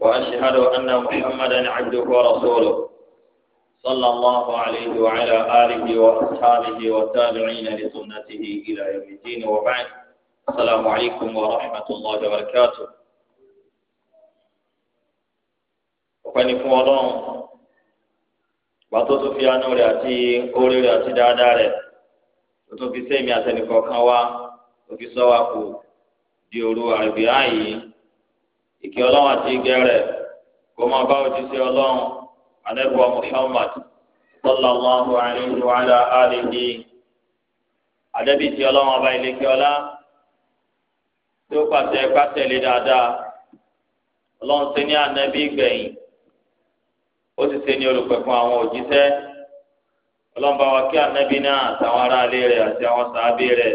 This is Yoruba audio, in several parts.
وأشهد أن محمدا عبده ورسوله صلى الله عليه وعلى آله وأصحابه والتابعين لسنته إلى يوم الدين وبعد السلام عليكم ورحمة الله وبركاته ọpẹni fún ọlọ́run gbàtó tó fi àánú rẹ̀ àti orí rẹ̀ àti dáadáa rẹ̀ tó tó fi sẹmi Ike ọlọ́run àti ìgẹ́ rẹ̀ kó máa bá òjíṣẹ́ ọlọ́run anẹ́bùwà Muhammad sallallahu alayhi wa ala alihi adẹ́bí ti ọlọ́run ọba ìlẹ́kẹ́ tó pàṣẹ dáadáa ọlọ́run ṣe ní anẹ́bí gbẹ̀yìn ó sì ṣe ní olùpẹ̀kun àwọn òjíṣẹ́ ọlọ́run bá wa kí anẹ́bí náà àtàwọn aráalé rẹ̀ àti àwọn rẹ̀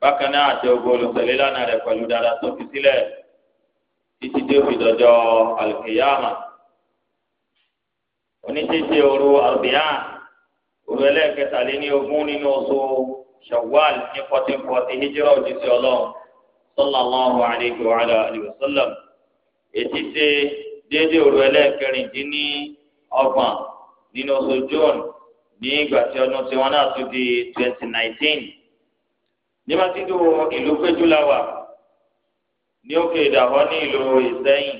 bákan náà àti rẹ̀ pẹ̀lú dáadáa tó fi sílẹ̀. títí dé òfin dọjọ́ alùkìyàmà oníṣẹṣẹ òru alùbíà òru ẹlẹ́ẹ̀kẹtàléní ogún nínú oṣù shawwal ní fourteen forty hijira òjíṣẹ́ Ọlọ́run sallallahu alayhi wa alayhi wa sallam ètí ṣe déédéé òru ẹlẹ́ẹ̀kẹrin dín ní ọgbọ̀n nínú oṣù june ní ìgbà ọdún tí wọn náà tún di twenty nineteen ní ìlú péjú la ní òkè ìdàbọ̀ ní ìlú ìsẹ́yìn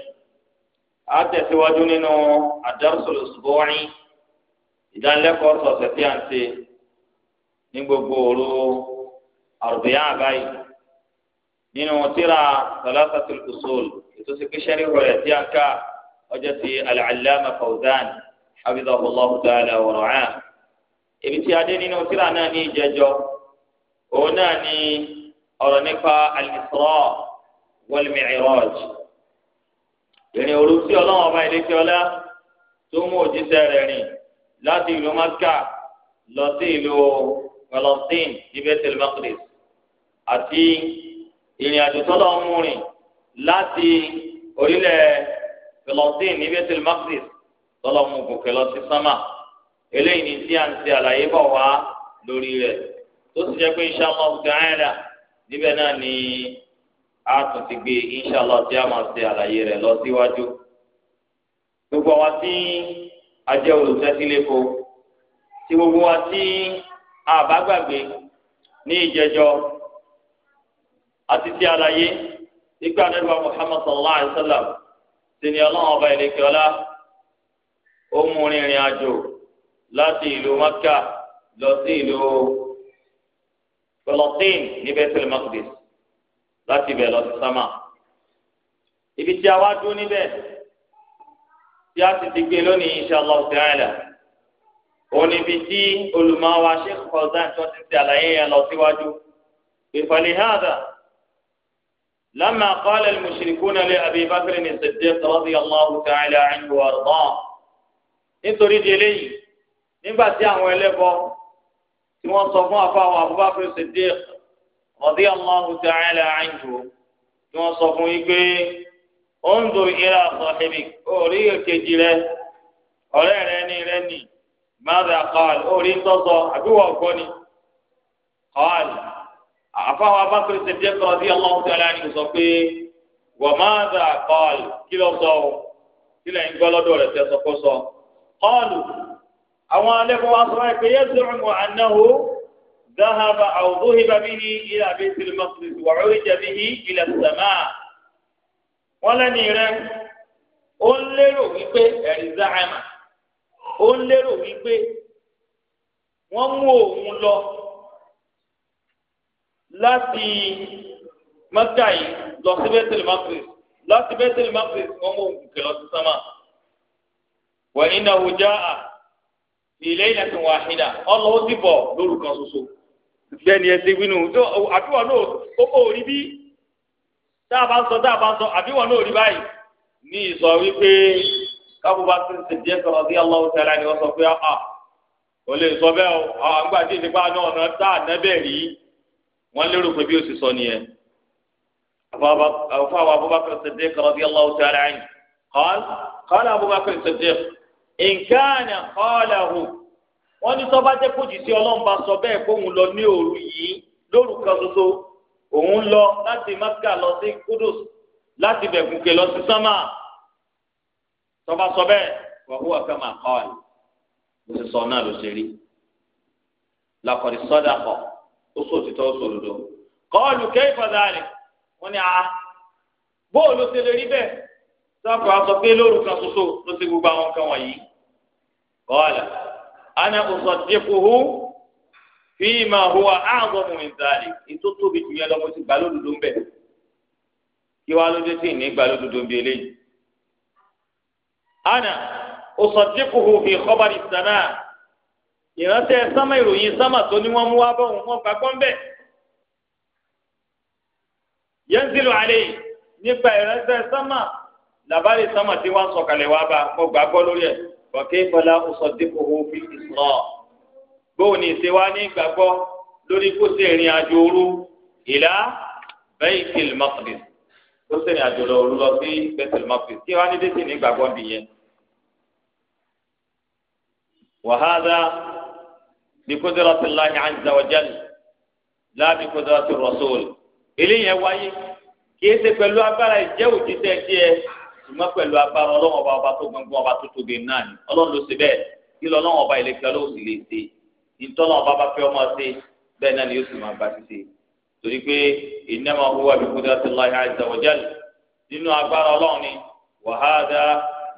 a tẹ̀síwájú nínú ad-darsul usbu'i ìdánilẹ́kọ̀ọ́ sọ̀sẹ̀ tí a ń ṣe ní gbogbo òru àrùbíyá àbáyé nínú tíra thalathatul usul ètò sèkéṣẹ́rì rẹ̀ tí a ń ká ọjọ́ ti al-allama Fawzan hafidhahullahu ta'ala wa tí a dé nínú tíra náà ní ìjẹjọ òun náà ní ọ̀rọ̀ nípa al wal mi'raj ìrìn òru tí ọlọ́run ọba ìlẹ́kẹ́ ọlá tó mú òjíṣẹ́ rẹ̀ rìn láti ìlú maka lọ sí ìlú Palestine ní Baitul Maqdis àti ìrìn àjò tọ́lọ́ mú rìn láti orílẹ̀ Palestine ní Baitul Maqdis tọ́lọ́ mú gòkè lọ sí sámà eléyìí ni tí a ń ṣe àlàyé bọ̀ wá lórí rẹ̀ tó sì jẹ́ pé insha Allah ta'ala níbẹ̀ náà ni a tún ti gbé inṣàlá tí a máa ṣe àlàyé rẹ̀ lọ síwájú. gbogbo àwa tí a jẹ́ olùtẹ́sílẹ̀kọ tí gbogbo wa tí a bá gbàgbé ní ìjẹjọ àti ti àlàyé ìgbà nígbà Muhammad sallallahu alayhi wa sallam ti ní ọlọ́run ọba ìlẹ́kẹ́ ọlá ó mú rìnrìn àjò láti ìlú Maka lọ sí ìlú Palestine ní Bethel Maqdis láti ibẹ̀ lọ sí sámà ibi tí a wá dún níbẹ̀ tí a sì ti gbé lónìí inshallah ta'ala òun ibi tí olùmọ̀wá sheikh Fawzan tó ti ti àlàyé yẹn lọ síwájú ìfàlìhàdà لما قال المشركون لأبي بكر الصديق رضي الله تعالى عنه وأرضاه إن تريد eléyìí nígbà tí àwọn ẹlẹ́bọ tí wọ́n sọ fún الصديق radiyallahu ta'ala anhu tí wọ́n sọ fún yín pé ó ń do ìlà sọ̀hìbì orí kejì rẹ ọ̀rẹ́ rẹ ní rẹ nì mada qal orí ń tọ́sọ àbíwọ̀ ọ̀gbọ́n ni qal àfáwọn abákùnrin tẹ̀lé radiyallahu ta'ala anhu sọ pé wa mada qal kí ló sọ kí lẹ́yìn gbọ́ lọ́dọ̀ rẹ̀ tẹ̀sọ̀kọ́sọ qalu àwọn alẹ́kọ̀ọ́ wa sọ ذهب أو ذهب به إلى بيت المقدس وعرج به إلى السماء ولا نيران ó ń lérò wípé ẹ̀rí záàmà ó ń lérò wípé wọ́n mú òun lọ láti mọ́tà yìí lọ sí bẹ́tẹ̀lì mákìrì láti bẹ́tẹ̀lì mákìrì wọ́n mú òun kìlọ̀ sí sámà wẹ̀yìn náà wò já à ilé ìlẹ̀kùn wàhídà ọlọ́wọ́ ti bọ̀ lórúkọ ṣoṣo bẹ́ẹ̀ni ẹsẹ wínú tó àbíwọ náà kókó rí bí tá a bá ń sọ tá a bá ń sọ àbíwọ náà rí báyìí ní ìsọ wípé kábùbá tó ń ṣèjẹ sọ̀rọ̀ sí aláwọ tẹlẹ ni wọn sọ pé a ah, ah, ò lè sọ bẹ́ẹ̀ o àgbà tí ìdìbò àná ọ̀nà tá a nẹ́bẹ̀ rí wọn lérò pé bí o sì sọ nìyẹn àfọwọ́ abubakar ṣèjẹ sọ̀rọ̀ sí aláwọ tẹlẹ ni kọ́lá wọ́n ní sọ́ba jẹ́ kójì sí ọlọ́mba sọ bẹ́ẹ̀ kóhun lọ ní òru yìí lóru kan ṣoṣo òun lọ láti Mẹ́kà lọ sí Kudus láti bẹ̀kùnkè lọ sí sámà sọ́ba sọ bẹ́ẹ̀ wà hùwà kama qala ló ti sọ náà ló ṣe rí laqad sadaqa ó sọ òtítọ́ ó sọ òdodo qalu kayfa dhalik wọ́n ní a ah, bóòlù ti lè rí bẹ́ẹ̀ sọ́kọ̀ àsọ pé lóru kan ṣoṣo ló ti gbogbo àwọn kan wọ̀nyí kọ́ọ̀lù ana usaddiquhu fima huwa a'zamu min dhalik ètò tóbi jù yẹn lọ mo ti gbà lódodo ń bẹ̀ kí wàá lóde tí ì ní gbà lódodo ń bẹ̀ eléyìí. ana usaddiquhu fi khabari as-samaa ìrántẹ́ sámà ìròyìn sámà tó ní wọ́n mú wá bọ̀ wọ́n fà gbọ́n bẹ́ẹ̀. yanzilu alayhi nípa ìrántẹ́ sámà làbárí sámà tí wọ́n sọ̀kalẹ̀ wá bá mo gbàgbọ́ lórí ẹ̀ kọ̀kẹ́ fọlá ọ̀sọ̀dẹ́kọ̀ òfin ìsọ̀rọ̀ bóun ní ìṣe wa ní ìgbàgbọ́ lórí kó ṣe ìrìn àjò òru ìlà Baitul Maqdis kó ṣe ìrìn àjò òru lọ sí Baitul Maqdis kí wọ́n á ní dé sí ní ìgbàgbọ́ nìyẹn. وهذا بقدرة الله عز وجل لا بقدرة الرسول إليه وعيه كيف يقول له أبارا الجو جدا ṣùgbọ́n pẹ̀lú agbára ọlọ́run ọba ọba tó gbọ̀ngbọ̀n ọba tó tóbi náà ni ọlọ́run ló ṣe bẹ́ẹ̀ kí lọ́lọ́run ọba ìlẹ́kẹ́ ọlọ́run sì lè ṣe ìtọ́nà ọba bá fẹ́ ọmọ ṣe bẹ́ẹ̀ náà ni yóò sì máa bá ṣiṣẹ́ torí pé innama huwa bi qudratillahi azza wa jalla nínú agbára ọlọ́run ni wa hadha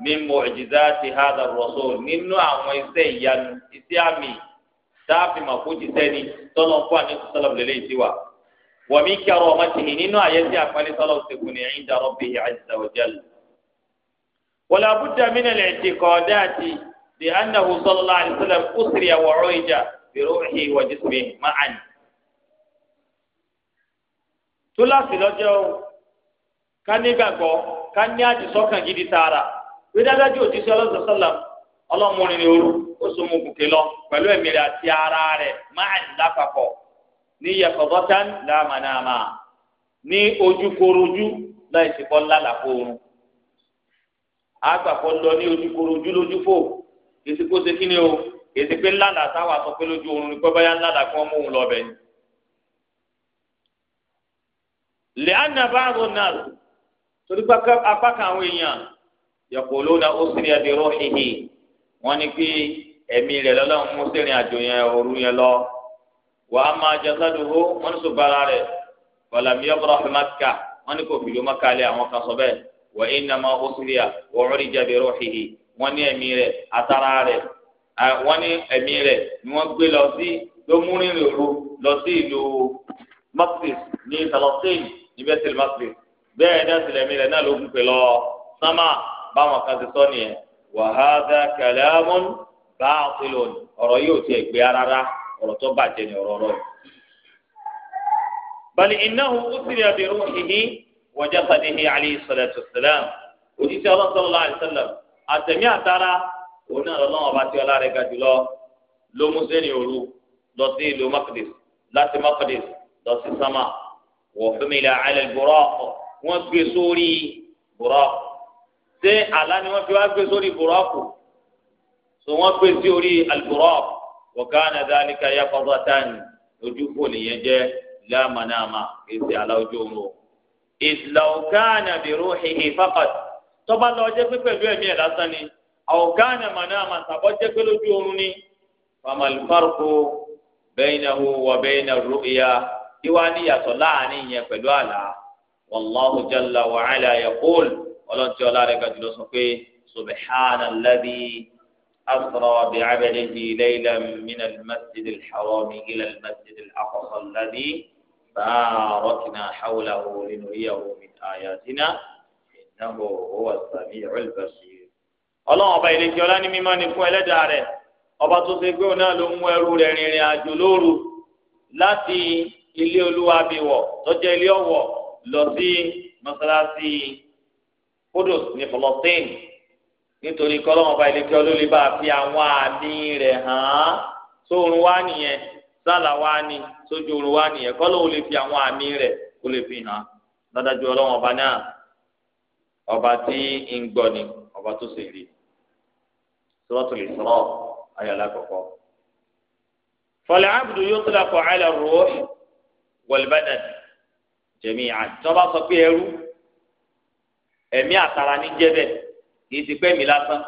min mu'jizati hadha ar nínú àwọn iṣẹ́ ìyanu iṣẹ́ àmì táàfin màkójì sẹ́ni tọ́nà fún àníkù sọ́lọ̀ lélẹ́yìí ti wà wa min karamatihi nínú àyẹ́sí àpẹẹrẹ sọ́lọ̀ ṣègùn ní inda rabbihi azza wa ولا بد من الاعتقادات بأنه صلى الله عليه وسلم أسري وعرج بروحه وجسمه معا túláàsì lọ́jọ́ o ká nígbàgbọ́ ká ní àdìsọ́kàn gidi tààrà pé dájú òjíṣẹ́ ọlọ́sọ̀ sọ́lá ọlọ́mọrin ni ooru ó so mu gòkè lọ pẹ̀lú ẹ̀mí rẹ̀ àti ara rẹ̀ máa ń lápapọ̀ ní yẹ̀fọ̀bọ́tán láàmànàmà ní ojúkorojú láì sí bọ́ lálàpọ̀ oorun àgbàpọ̀ lọ ní ojúkoro ojú lójú fò èsì kó ṣe kíni o èsì pé ńláńlá táwa sọ pé lójú oorun nípa báyà ńláńlá kí wọ́n mú òun lọ bẹ̀ ni. lẹ́ànà báàrò náà torí apá kan àwọn èèyàn yọ̀pọ̀ lóna ó sì rí ẹ̀dẹ̀ rọ́ọ̀hìhì wọ́n ní pé ẹ̀mí rẹ̀ lọ́lọ́run mú sí ìrìn àjò yẹn òru yẹn lọ wà á máa jẹ sádùúgbò wọ́n ní sọ bára rẹ̀ bọ̀làmíyọ́ bọ̀rọ̀ fún mákà wọ́n ní kò fìlú mákà lé àwọn kan sọ bẹ́ẹ̀ wà ìnàmà ọ̀sùlìyà wà ọ̀rìjà bẹ̀rẹ̀ ọ̀hìhì wọ́n ní ẹ̀mí rẹ̀ àtàrà rẹ̀ wọ́n ní ẹ̀mí rẹ̀ ni wọ́n gbé lọ sí lómúrin òru lọ sí ìlú Maqdis ní Palestine ní bẹ́tẹ̀lì Maqdis bẹ́ẹ̀ ní àtìlẹ́mí rẹ̀ náà ló gùn pé lọ sámà báwọn kan ti sọ nìyẹn wa hadha kalamun baatilun ọ̀rọ̀ yóò tiẹ̀ gbé rárá ọ̀rọ̀ tó bàjẹ́ ni ọ̀rọ̀ rọ̀ bal innahu usriya bi ruhihi wajasadihi alayhi salatu salam òjíṣẹ́ ọlọ́run sallallahu alayhi wasallam àtẹ̀mí àtara òun náà lọ́wọ́ ọba tí ọlá rẹ̀ ga jùlọ ló mú sẹ́ni òru lọ sí ìlú makdis láti makdis lọ sí sama wọ̀fẹ́mìlà ala al-buraq wọ́n gbé sórí buraq ṣé àlá ni wọ́n fi wá gbé sórí buraq tó wọ́n gbé sí orí al-buraq wa kana dhalika yaqadatan ojú kò nìyẹn jẹ́ la manama kì í ṣe àlá ojú oorun o ìlàwùkánà bìrù hìhì faqat tọ́ba lọ jẹ́ pé pẹ̀lú ẹ̀mí ẹ̀ lásán ni àwùkánà màná àmàtàbọ̀ jẹ́ pé lójú oorun ni famalfarko bẹ́ẹ̀nahu wà bẹ́ẹ̀na ru'ya ìwà níyàtọ̀ láàrin yẹn pẹ̀lú àlá wàlláhu jalla wa ala yaqul ọlọ́ntì ọlárẹ̀ gàdú lọ sọ pé subhana alladhi asra bi abdihi laylan min al-masjid باركنا حوله لنريه من آياتنا إنه هو السميع البصير ọlọ́run ọba ìlẹ́jọ́ ọlá ní mímọ́ ni fún ẹlẹ́dàá rẹ̀ ọba tó ṣe gbé òun náà ló mú ẹrú rẹ̀ rìnrìn àjò lóru láti ilé olúwabiwọ̀ tọ́jú ilé ọ̀wọ̀ lọ sí mọ́sálásí kudus ní fọlọ́tìn nítorí kọ́lọ́run ọba ìlẹ́jọ́ ló lè bá a fi àwọn àmì rẹ̀ hàn án sóorun wá nìyẹn sálà wá ni. sójú oorun wa nìyẹn kọ́ lóun lè fi àwọn àmì rẹ̀ kó lè fi hàn lọ́dájú ọlọ́run ọba náà ọba tí ń gbọ́ ni ọba tó sì rí Suratul Isra ayọ̀lá kọ̀kọ́. فالعبد يطلق على الروح والبدن جميعا tọ́ba sọ pé ẹrú ẹ̀mí ní kìí ti pẹ́ mi lásán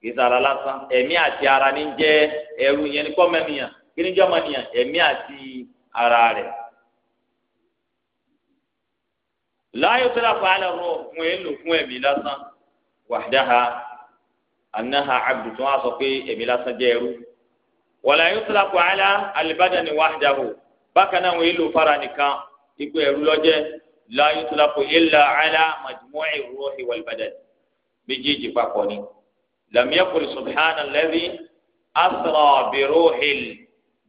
kìí sara lásán ẹ̀mí àti ara ní kíni jẹ́ ọmọnìyàn ẹ̀mí àti ara rẹ̀ láàyò tó dàpọ̀ àlọ́ fún ẹ̀ lò fún ẹ̀mí lásán wàhdáha anaha abdu tí wọ́n sọ pé ẹ̀mí lásán jẹ́ ẹrú wàlá yóò tó dàpọ̀ àlá alibadani wàhdáhu bákan náà wọ́n èlò fara nìkan ipò ẹrú lọ́jẹ́ láàyò tó dàpọ̀ illa àlá majmu'i ruhi wal badan méjèèjì papọ̀ ni lam yaqul subhana asra bi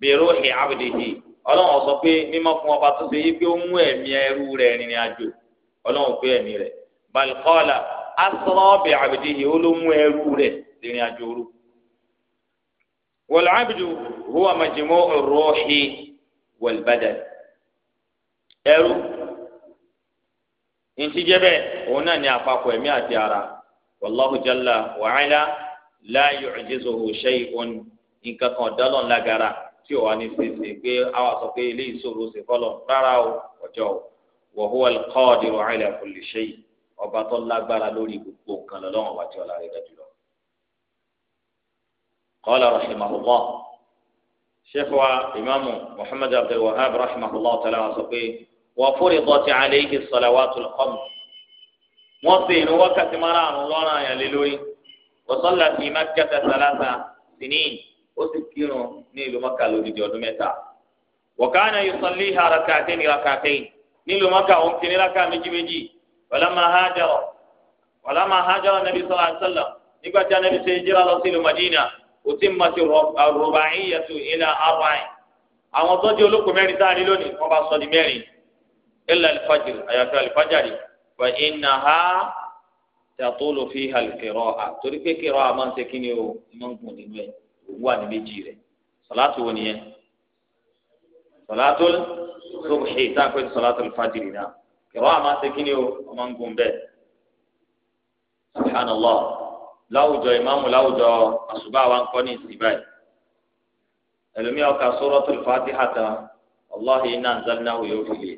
biruhi abdihi ọlọ́run sọ pé mímọ́ fún ọba tó ṣe yí pé ó mú ẹ̀mí ẹrú rẹ̀ rìnrìn àjò ọlọ́run pé ẹ̀mí rẹ̀ bal qala asra bi abdihi ó ló mú ẹrú rẹ̀ rìnrìn àjò rú. wal abdu huwa majmu'u ruhi wal ẹrú ntí òun náà ní àpapọ̀ ẹ̀mí àti ara wallahu jalla wa ala la yu'jizuhu shay'un nǹkan kan ọ̀dọ́lọ́ ńlágara tí ò wá ní sèse pé àwa sọ pé ilé ìṣòro ṣe fọlọ rárá o ọjọ o wa huwa al-qadiru ala kulli shay ọba tó lágbára lórí gbogbo nǹkan lọ́wọ́ ọba tí ọlá rẹ̀ dájú lọ. qala rahimahullah sheikh wa imaamu muhammad abdul wahab rahimahullah ta'ala wa sọ pé wa furidat alayhi salawatul khams wọ́n sì ní wákàtí márùn-ún lọ́rùn àyànlélórí wa salla fi makkah ó sì kírun ní ìlú mọ́kà lódìdí ọdún mẹ́ta wọ̀kánà yusalliha rak'atayn rak'atayn nílùú mọ́kà òun kì ní rákà méjì méjì walamma hajara walamma hajara nàbí sallallahu alaihi wasallam nígbà tí a nàbí ṣe hijira lọ sí ìlú madina kò tí ma ti ruba'iyyatu ila arba'in àwọn tọ́jú olóko mẹ́rin sáà ní lónìí wọ́n bá sọ di mẹ́rin illa al-fajr àyàfi al-fajari fa innaha tatulu fiha al-qira'a torí pé qira'a máa ń ṣe kíni o máa ń gùn nínú ẹ̀ wà ní méjì rẹ̀ sọ̀látù wo nìyẹn sọ̀látù sọ̀bùhì tá a pè ní sọ̀látù fàjìrì náà kẹwàá àmà ṣe kí ni o ọmọ ń gun bẹ́ẹ̀ subhanallah láwùjọ ìmáàmù láwùjọ àṣùbà wa ń kọ́ ní ìsìn báyìí ẹlòmíà ọkà sọ́rọ́tù fàtíhà tán ọlọ́hìn iná ń zálínà wò yóò fi lè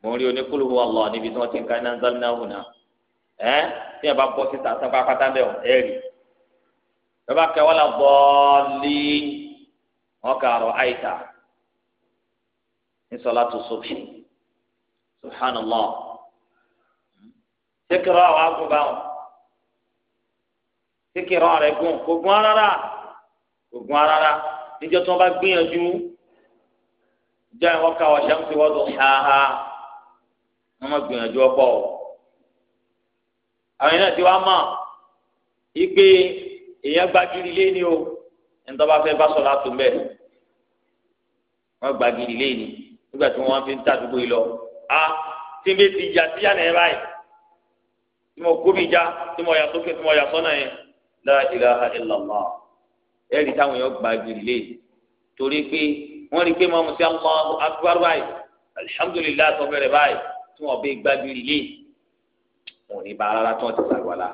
mo ń rí oníkúlùwò ọlọ́ níbi tí wọ́n ti ń ka iná ń náà ẹ́ tí yẹn bá bọ́ síta tán pápátá bẹ́ẹ̀ ẹ́ rí i bàbá kẹ wọ́n la bọ́ọ̀lì wọn kà rọ àyíká ní sọlá tó sọ́bì subhanallah sikiri àwọn agunba wọn sikiri ọrẹ gun kò gun rárá kò gun rárá níjọ tí wọn bá gbìyànjú jẹ wọn kà wọn ṣàǹtì wọn tó ṣáá wọn má gbìyànjú ọ̀pọ̀ àwọn yẹn náà ti wá mọ̀ igbe èèyàn gbagiri lé ní o ntọ́ba fẹ́ bá sọ̀rọ̀ àtún bẹ́ẹ̀ wọ́n gbagiri lé ní nígbà tí wọ́n fi ń tàdúgbò yìí lọ a tí n bẹ ti ìjà síyà náà báyìí tí mo kó mi já tí mo yà sókè tí mo yà sọ́nà yẹn la ilaha illallah ẹ̀rí táwọn èèyàn gbagiri lé torí pé wọ́n rí pé mọ́mú sí Allahu akbar báyìí alihamudulilayi tó báyìí tí wọ́n bẹ gbagiri lé wọn ní bá rárá tí wọ́n ti sàlùwàlà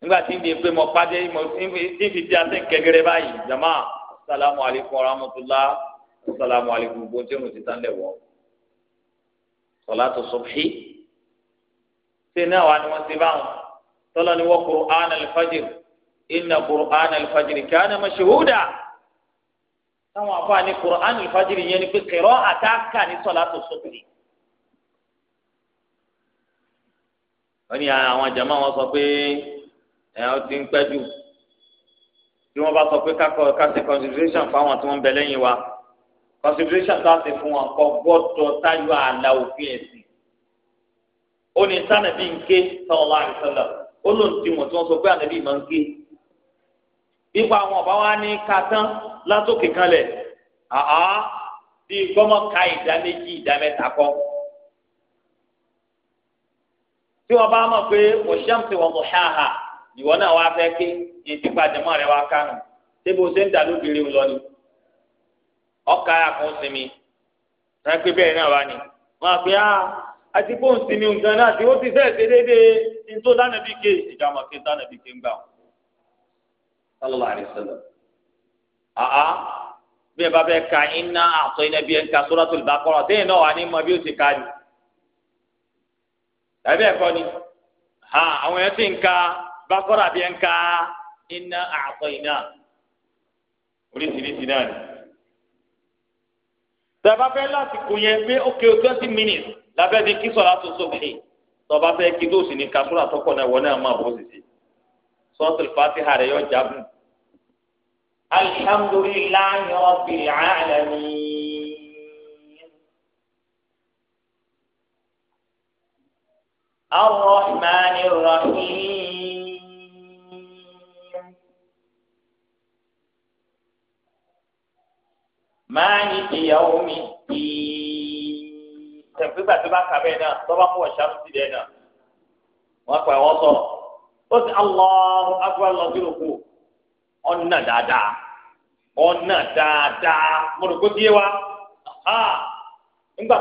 nígbà tí ń di pé mo pàdé ìfi di asẹ́ kẹgẹrẹ báyìí jama salamu alaykum wa rahmatulah salamu alaykum bó tí mo ti tán lẹ̀ wọ́ salatu subhi ṣe náà wà ní wọ́n ti báwọn tọ́lọ́ ni wọ́n qur'an al-fajr inna qur'an al-fajr kana mashhuda táwọn afáàní qur'an al-fajr yẹn ni pé kẹrọ àtàkà salatu subhi. wọ́n ní jama wọn sọ pé ẹ ọ ti ń pẹ́ jù tí wọ́n bá sọ pé ká ṣe consideration fáwọn tí wọ́n ń bẹ lẹ́yìn wa consideration tá a ṣe fún wọn kò gbọ́dọ̀ táyọ̀ àlà òfin ẹ̀sìn ó ní sànàbí ń ké sallallahu alaihi wasallam ó lóun ti wọ̀n tí wọ́n sọ pé ànàbí máa ń ké ipa àwọn ọba wa ní katán látòkè kanlẹ̀ àá bíi gbọ́mọ̀ ka ìdá méjì ìdá mẹ́ta kọ́ tí wọ́n bá mọ̀ pé wọ́n ṣẹ́ǹtì ìwọ náà wá fẹ́ ké ní ti pàdémọ́ rẹ wá kánú síbi o ṣe ń dà lóbìnrin ń lọ ni ọkà àkún sinmi rẹpẹ bẹ́ẹ̀ náà wá ni wọn àfi á àti kó ń sinmi nǹkan náà tí ó ti fẹ́ ṣe déédéé nítorí dánàbí ké ìjà ọmọ ké dánàbí ké ń gbà wọn. sallallahu alaihi wasallam àá bí ẹ bá fẹ́ ka iná àtọ́ iná bí ẹ ń ka suratul baqara téèyàn náà wà ní mọ bí ó ti ka ni tàbí ẹ̀kọ́ ni àwọn ẹ̀ ti ń ka bákọ́rọ̀ àbí ẹ̀ńká iná àtọ̀ iná oríṣiríṣi náà ni. tẹ̀bá fẹ́ láti kù yẹn pé ó kéwò twenty minutes lábẹ́ ní kí sọ̀rọ̀ àtúnṣe òkè tọ́ba fẹ́ kí tó sì ní kasúrà tọkọ̀ náà wọ́n náà máa bọ́ sísè sọ́ọ̀tì fatiha rẹ̀ yọ jábù. alhamdulillahi rabbil alamin. الرحمن الرحيم مالك يوم الدين تنفيذ تبقى بينا طبعا هو الشمس بينا وأكبر وصل قلت الله أكبر الله يقول ọ̀nà dáadáa ọ̀nà dáadáa mọ̀lùkọ́ tiẹ̀ wa ha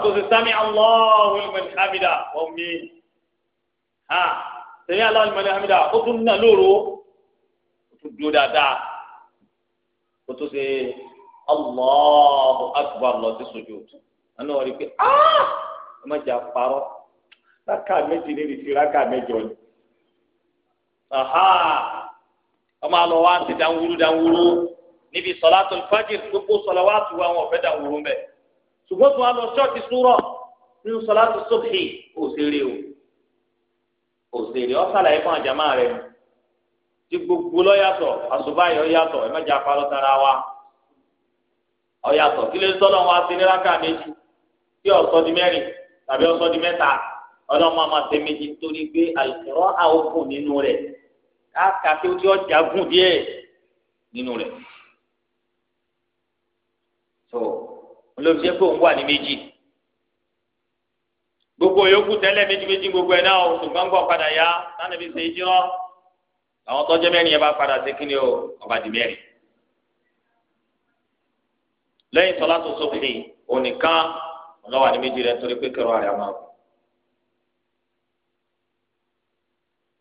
tó ṣe sami Allahu liman hamida omi ha sami Allahu hamida ó tún nà lóru ó tún dúró dáadáa ó tún ṣe Allahu akbar lọ sí sojúdù àná wọn rí i pé ah! ẹ má jẹ àparọ́ rákà méjì ní ìrísí rákà mẹ́jọ ni ọmọ àlọ́ wa ti dáwúrú dáwúrú níbi sọlátù fájìrì gbogbo sọlá wa ti wá wọn ọ̀fẹ́ dáwúrú mẹ́ ṣùgbọ́n tó wà lọ ṣọ́ọ̀tì súrọ̀ nínú sọlátù sọ́bì òṣèré o òṣèré ọ̀sàlàyé fún àjàmá rẹ̀ tí gbogbo lọ àṣùbáyọ̀ yàtọ̀ ẹ̀ parọ́ tara wa ọ̀yàtọ̀ kí lè sọ́dọ̀ wọn àti níláka méjì kí ọ̀sọ́ di mẹ́rin tàbí ọ̀sọ́ di mẹ́ta ọlọ́mọ àmọ́ àti méjì torí pé àlùkòrọ́ àwòkù nínú rẹ̀ káàkà tí ó ti ọjà gùn díẹ̀ nínú rẹ̀. tó olóòfin jẹ́ pé òun wà ní méjì gbogbo yòókù tẹ́lẹ̀ méjì méjì gbogbo ẹ̀ náà ṣùgbọ́n gbọ́ padà yá sanabi ṣe é jírọ́ àwọn tọ́jọ́ mẹ́rin yẹn bá padà sí kíni o ọba di mẹ́rin lẹ́yìn sọlá tó sọfì onìkan ọlọ́wà ní méjì rẹ̀ nítorí pé kẹrọ àrẹ máa kú.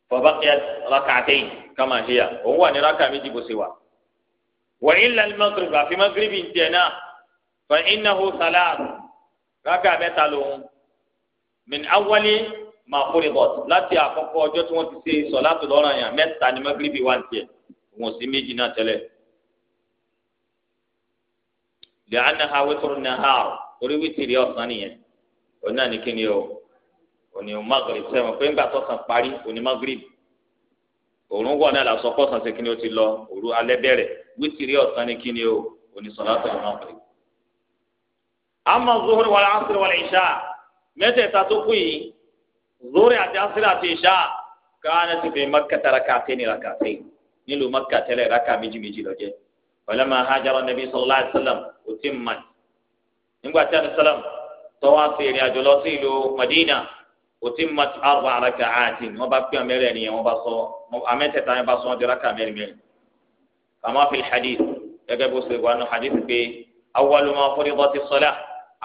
fọbákẹ́ rákàtẹ́ kama hiya òun wà ní rákà méjì bó ṣe wà. wa illa al-maghrib àfi magrebi ń tiẹ̀ náà fa innahu salat rákà mẹ́ta lòun min awwali ma kórè bọ̀ láti àkọ́kọ́ ọjọ́ tí ti ṣe sọlá tó lọ́rọ̀ yàn mẹ́ta ní magrebi wà ń tiẹ̀ òun ò sí méjì náà lẹ́yìn náà wẹ́tọ̀rọ̀ náà hà orí wítìrì ọ̀sán nìyẹn òun náà ní kíni o òní magrib sẹ́wọ̀n pé ńgbà tó sàn parí òní magrib òrùn wọ̀ náà làásọ kọ́ sàn sí kíni o ti lọ òru alẹ́ bẹ̀rẹ̀ wítìrì ọ̀sán ní kíni o òní sọ̀rọ̀ àtọ̀rọ̀ magrib. àmọ́ zuhuri wàlẹ̀ asiri wàlẹ̀ ìṣá mẹ́tẹ̀ẹ̀ta tó kù yìí zuhuri àti asiri àti ìṣá káwọn ti fi mọ́kàtà rákàtẹ́ ní rákàtẹ́ nílùú mọ́kàtẹ́lẹ̀ rákà méjì méjì lọ́jẹ́ walamma hajara nabi sallallahu alaihi wasallam utimmat nígbà tí alẹ́ sálám tọ́wọ́ àfẹ́rẹ́ àjọ lọ sí ìlú Madina utimmat arba'a raka'atin wọ́n bá pín amẹ́rẹ́ nìyẹn wọ́n bá sọ amẹ́tẹ̀ẹ̀ta yẹn bá sọ wọ́n di rákà mẹ́rin mẹ́rin kama fil hadith gẹ́gẹ́ bó ṣe wà nù hadith pé awwalu ma furidatis salah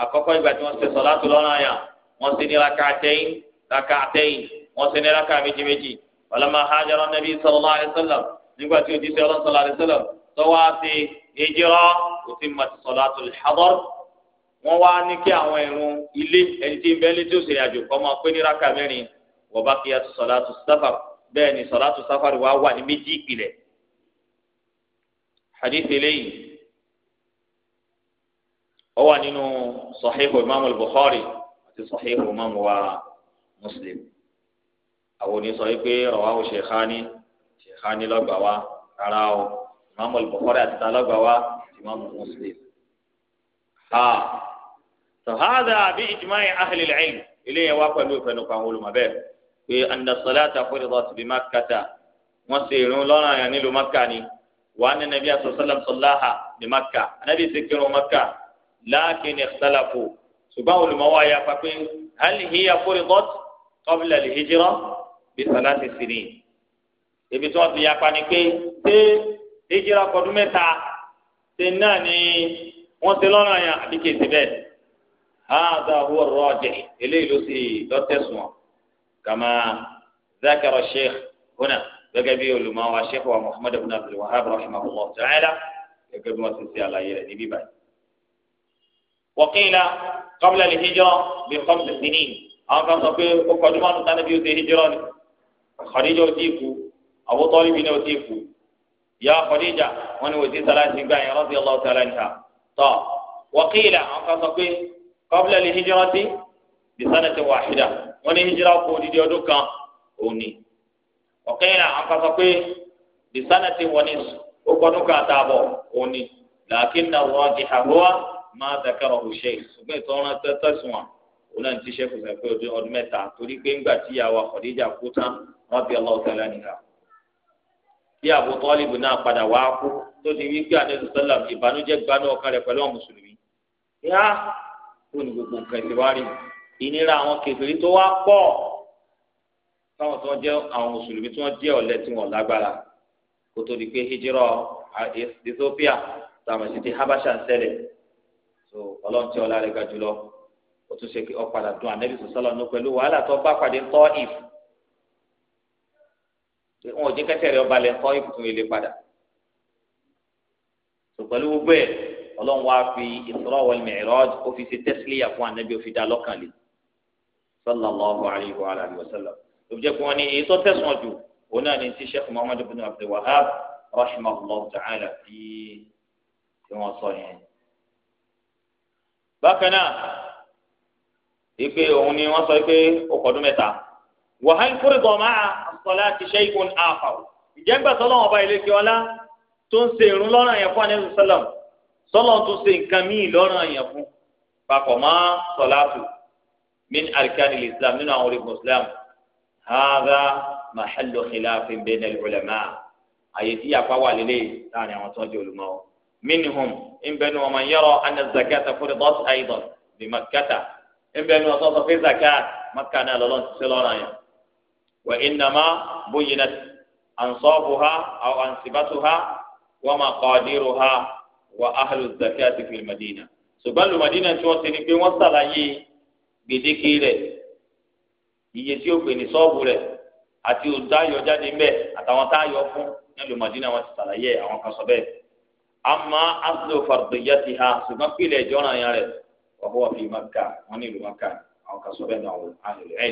àkọ́kọ́ ìgbà tí wọ́n ṣe sọlá tó lọ́nà yà wọ́n ṣe ní raka'atayn raka'atayn wọ́n ṣe ní raka méjì méjì walamma hajara nabi sallallahu alaihi wasallam nígbà tí ó di sẹ́wọ́n sallallahu alaihi wasallam tọ́wáṣe ìjírọ́ kò ti mọ̀ sọ̀látò lẹ́hàbọ́r wọ́n wá ní kí àwọn ìrun ilé ẹni tí ń bẹ́ẹ́ lé tí ó ṣe ìrìnàjò kọ́ máa pé ní rákà mẹ́rin wọ́n bá kíyà sọ̀látò sáfàr bẹ́ẹ̀ ni sọ̀látò sáfàr wá wà ní méjì ìpìlẹ̀ hadith eléyìí ó wà nínú sọ̀híhù imaamu bukhari àti sọ̀híhù imaamu wa muslim àwọn onísọ̀hí pé rawahu shaykhani shaykhani lọ́gbàá wa rárá o ìmáàmù Bukhari àti tàlọ́gbà wa ìmáàmù Muslim. ha sọ̀hádà àbí ijma'i ahli al-ilm ilé yẹn wá pẹ̀lú ìfẹnukọ àwọn olùmọ̀ bẹ́ẹ̀ pé anna salata furidat bi Makkata wọ́n ṣe ìrun lọ́rùn àyàn nílùú Makka ni wa anna nabiyya sallam sallaha bi Makka anábì sì kírun Makka lakin ikhtalafu ṣùgbọ́n olùmọ̀ wa yà pa pé hal hiya furidat qabla al-hijra bi salati sinin ibi tí ìjìrà kọdún mẹ́ta ṣe náà ni wọ́n ṣe lọ́rùn àyàn àbí kèsì bẹ́ẹ̀ hàdà huwa rọ́ọ̀jẹ̀ eléyìí ló sì lọ́tẹ̀sùn ọ̀ kàmá zákàrọ̀ sheikh hona gẹ́gẹ́ bí olùmọ̀wá sheikh wa muhammad ibn abdul wahab rahimahullah ta'ala gẹ́gẹ́ bí wọ́n ti ṣe àlàyé rẹ̀ níbí báyìí. wọ́kìlá kọ́bílẹ̀ lè hijọ́ bí kọ́bílẹ̀ sí àwọn kan sọ pé ó kọjú mọ́nu tánibí ó ti hijọ́ ni Khadija ó ti kú Abu Talib ni ó ti kú ya Khadija wọn ni wòtí sàlàsì gbà yẹn radiyallahu ta'ala anha tọ́ wàkìlà àwọn kan sọ pé qabla al-hijrati bi sanati wahida wọn ni hijira kó odidi ọdún kan òní wàkìlà àwọn kan sọ pé bi sanati wa nisf ó gbọdún kan àtààbọ̀ òní lakinna ar-rajiha huwa ma dhakarahu shaykh ṣùgbọ́n ìtọ́ràn tẹ́tẹ́sùn wọn wọn náà ti ṣe kùsà pé ọdún mẹ́ta torí pé ńgbà tí ìyàwó Khadija kú tán radiyallahu ta'ala anha bí Abu Tọ́lìbù náà padà wá kú tó ti wí pé àdéhùn sọ́lá ìbànújẹ́ gbanú ọkàn rẹ̀ pẹ̀lú àwọn mùsùlùmí. yá kó ní gbogbo nǹkan ti wá rí ìnira àwọn kèfèrí tó wá pọ̀ táwọn tó jẹ́ àwọn mùsùlùmí tó jẹ́ ọ̀lẹ tí wọ́n lágbára kó tó di pé hijira Ethiopia tàwọn sì ti Habasha ń ṣẹlẹ̀ so tí ọlá rẹ̀ ga jùlọ ó tún ṣe ọ̀padà dùn ànẹ́bí ní pẹ̀lú wàhálà tó bá pàdé tọ́ ìfù wọn ò jẹ́ kẹ́sẹ̀ rẹ̀ ọba lẹ̀ kọ́ ìkùtùn ilé padà tó pẹ̀lú gbogbo ẹ̀ ọlọ́run wá fi Isra wal Mi'raj ó fi ṣe tẹ́sílẹ̀ fún anabi ó fi dá lọ́kàn lé sallallahu alayhi wa alihi wa sallam tó jẹ́ pé wọ́n ní èyí tó tẹ̀sán jù òun náà ní ti Sheikh Muhammad ibn Abdul Wahhab rahimahullah ta'ala fi tí wọ́n sọ yẹn. bákan náà ìpè òun ni wọ́n sọ pé ó kọ́ ọdún wàhálì fúrìgọ̀ máa as-salati shay'un akhar ìjẹ́gbà sọ́lọ́wọ́n ọba ilé kí ọlá tó ń ṣe ìrun lọ́rùn yẹn fún anẹ́sùn sọ́lọ́m sọ́lọ́n tó ṣe nǹkan míì lọ́rùn yẹn fún papọ̀ mọ́ sọ́látù min arkanil islam nínú àwọn orígun islam hadha mahallu khilafin bayna al-ulama àyè tí yàpá wà lélẹ̀ láàrin àwọn tó ń jẹ́ olùmọ̀ minhum ìbẹnu ọmọ yẹrọ anna zakata furidat aydan bi makkata ìbẹnu ọ̀tọ̀ sọ fún zakat makkana lọ́lọ́n ti ṣe lọ́rùn yẹn wa innama buyinat ansabuha aw ansibatuha wa maqadiruha wa ahlu zakati fil madina ṣùgbọ́n lu madina tí wọ́n ti ní pé wọ́n ṣàlàyé gbèdéke rẹ̀ iye tí ó pè ní sọ́ọ̀bù rẹ̀ àti òǹtá yọjáde ń bẹ àtàwọn tá a yọ fún ní lu madina wọ́n ti ṣàlàyé àwọn kan sọ bẹ́ẹ̀ amma aslu fardiyatiha ṣùgbọ́n pílẹ̀ ìjọ́ràn yẹn rẹ̀ wọ́n fi Makkah wọ́n ní ìlú Makkah àwọn kan sọ bẹ́ẹ̀ náà wọ́n á lè rẹ̀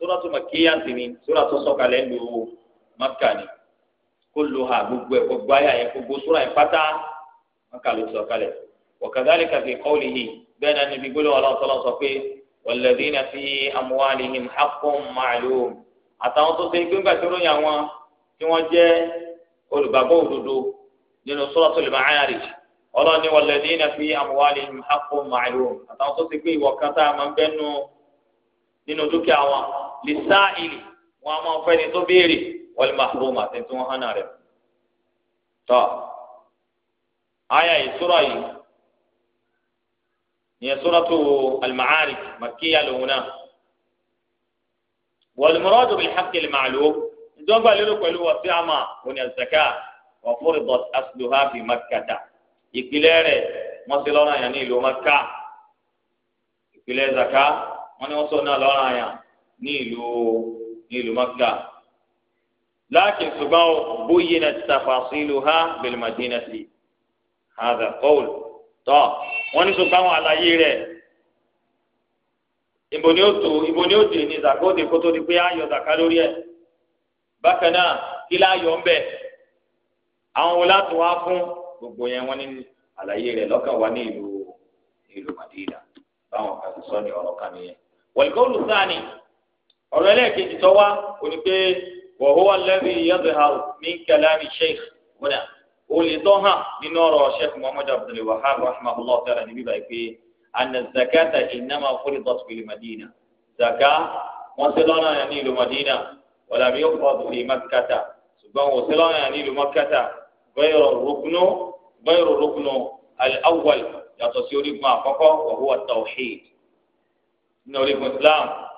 sóràtú màkìyà sí ni sóràtú sọ̀kalẹ̀ lu maka ni kó lo ha gbogbo ẹ̀ gbogbo ayé ayẹ gbogbo sóra ẹ̀ pátá maka ló sọ̀kalẹ̀ wọ̀kadàlẹ̀ kàfi kọ́ọ̀lì yìí bẹ́ẹ̀ náà níbi gbólóhùn ọlọ́sọ̀lọ́ sọ pé wàlẹ́dínà fi amúhálìhìm hakùn màlúù àtàwọn tó ṣe gbégbà tó ròyìn àwọn tí wọ́n jẹ́ olùgbàgbọ́ òdodo nínú sọ́ọ̀tù lè máa yára rèé ọlọ́ni wàlẹ́dínà fi amúhálìhìm hakùn màlúù àtàwọn tó ṣe gbé ìwọ̀ tá a máa ń bẹ́nu nínú dúkìá wọn lè sá ìlì wọn a máa fẹ́ ni tó béèrè wọ́n lè máa fún ọmọ àti tí hánà rẹ̀. tọ́ àyà ìṣúra yìí ìyẹn suratu al-Ma'arij màkíyà lòun náà. والمراد بالحق المعلوم ندوب لرو pẹ̀lú wasiama oni azaka wa furidat asluha fi makkah ìpìlẹ̀ rẹ̀ wọ́n ṣe lọ́ranyàn ní ìlú Makkah ìpìlẹ̀ zaka wọ́n ní wọ́n sọ náà lọ́ranyàn ní ìlú ní ìlú Mẹ́kà láàkì ṣùgbọ́n bóyá náà ti tafasilu ha bil madinati hadha qawl tọ́ wọ́n ní ṣùgbọ́n àwọn àlàyé rẹ̀ ìbò ni ó tó ìbò ni ó dè ní zakóde kótó di pé ayọ̀ zaka lórí ẹ̀ bákan náà kí láyọ̀ ń bẹ̀ àwọn wo láti wá fún gbogbo yẹn wọ́n ní àlàyé rẹ̀ lọ́kàn wá ní ìlú ìlú Madina báwọn kan ti sọ ní ọ̀rọ̀ kan nìyẹn wal qawlu thani ọ̀rọ̀ ẹlẹ́ẹ̀kejì tó wá òní pé wa huwa alladhi yadhharu min kalami sheikh wọ́dà olè tó hàn nínú ọ̀rọ̀ sheikh muhammad abdul wahab rahimahullah ta'ala níbí báyìí pé anna zakata innama furidat fil madina zaka wọn ti lọ́nà yẹn ní ìlú madina wala mi yóò fọdù fi makkata ṣùgbọ́n wọ́n ti lọ́nà yẹn ní ìlú makkata ghayru ruknu ghayru ruknu al-awwal yàtọ̀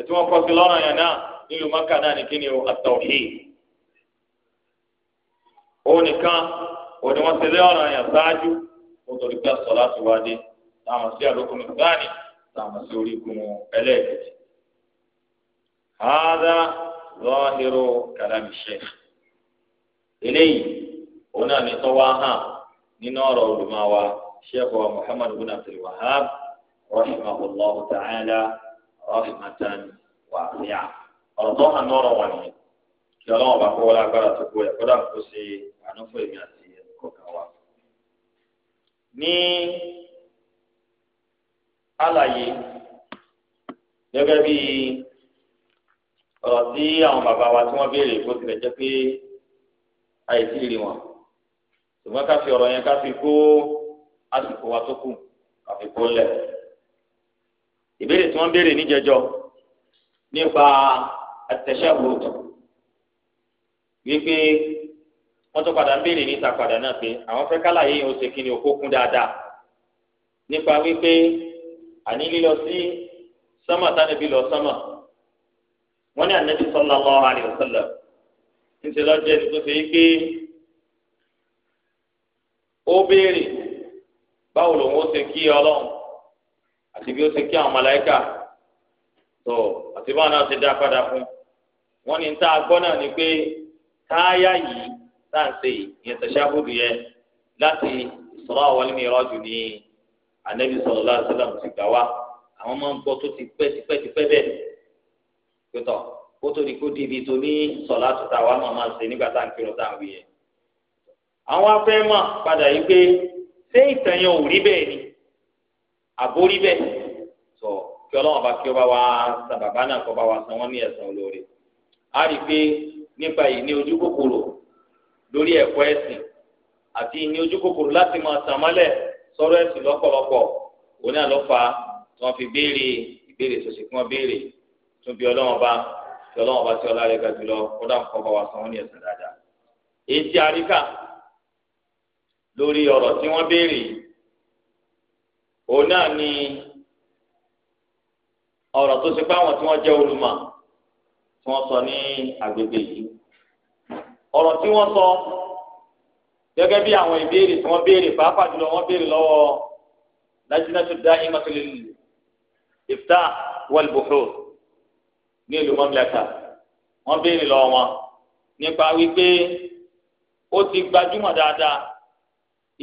ètò wọn kọ́ sí lọ́nà yẹn náà nílùú maka náà ní kíni o at-tawhid òun nìkan òun ni wọ́n ti lé ọ̀nà yẹn ṣáájú òun tó ní pẹ́ sọ láti wá dé táwọn sí àlókùn ìgbàanì táwọn sí orígun ẹlẹ́ẹ̀kejì. هذا ظاهر كلام eléyìí òun náà ní tọ́wọ́ hàn nínú ọ̀rọ̀ olùmọ̀ wa sheikh wa muhammad bin abdul wahab rahimahullahu ta'ala rahmatan wasi'a ọ̀rọ̀ tó hàn lọ́rọ̀ wà ní kí ọlọ́wọ́n bá kó wọlé agbára tó kó yẹ kó dà kó ṣe àánú fún èmi àti ẹnìkọ̀ọ̀kan wa. ní àlàyé gẹ́gẹ́ bí ọ̀rọ̀ tí àwọn bàbá wa tí wọ́n béèrè bó tilẹ̀ jẹ́ pé àìsí rí wọn ṣùgbọ́n ká fi ọ̀rọ̀ yẹn ká fi kó àsìkò wa tó kù ká fi kó lẹ̀ ìbéèrè tí wọ́n béèrè níjẹjọ nípa at-tashahhud wípé wọ́n tó padà ń béèrè níta padà náà pé àwọn fẹ́ kálàyé yìí ó ṣe kí ni òkú kún dáadáa nípa wípé àní lílọ sí sọ́mà tánibí lọ sọ́mà wọ́n ní ànábì sallallahu alaihi wasallam níṣẹ́ lọ́jọ́ ẹni tó ṣe é pé ó béèrè báwo lòun ó ṣe kí ọlọ́run àti bí ó ṣe kí àwọn màláíkà tó àti báwọn náà ṣe dá padà fún wọn ní tá a gbọ́ náà ni pé káyà yìí tá à ń ṣe ìyẹn tẹ̀síábùdù yẹn láti Isra wal Miraj ní Ànábì sallallahu alaihi wasallam ti gbà wá àwọn máa ń gbọ́ tó ti pẹ́ ti pẹ́ ti pẹ́ bẹ́ẹ̀ pẹ̀tọ̀ kó tó di kó di ibi tó ní sọ̀lá tó ta wá máa máa ṣe nígbà tá à ń kírun tá à ń wí yẹn. àwọn afẹ́ mọ̀ padà yìí pé ṣé ìtàn yẹn ò rí bẹ́ẹ̀ ni àbórí bẹ́ẹ̀ sọ kí ọlọ́wọ́n bá kí ọba wa san bàbá náà kọ́ bá wa san wọ́n ní ẹ̀san olóore a rí i pé nípa yìí ní ojú kòkòrò lórí ẹ̀kọ́ ẹ̀sìn àti ní ojú kòkòrò láti máa tàn mọ́lẹ̀ sọ̀rọ̀ ẹ̀sìn lọ́pọ̀lọpọ̀ òun náà ló fa tí wọ́n fi béèrè ìbéèrè sọ̀sẹ̀ kí wọ́n béèrè tún bí ọlọ́wọ́n bá tí ọlọ́wọ́n bá tí ọlá rẹ̀ ga jùlọ kódà kọ́ bá wa san wọ́n ní ẹ̀san dáadáa èyí tí a lórí ọ̀rọ̀ tí wọ́n béèrè yìí òun náà ni ọ̀rọ̀ tó ṣe pé àwọn tí wọ́n jẹ́ olùmọ̀ tí wọ́n sọ ní agbègbè yìí ọ̀rọ̀ tí wọ́n sọ gẹ́gẹ́ bí àwọn ìbéèrè tí wọ́n béèrè pàápàá jùlọ wọ́n béèrè lọ́wọ́ lajinatu da'imatu lil iftah wal buhur ní ìlú mọ́mílẹ́ta wọ́n béèrè lọ́wọ́ wọn nípa wípé ó ti gbajúmọ̀ dáadáa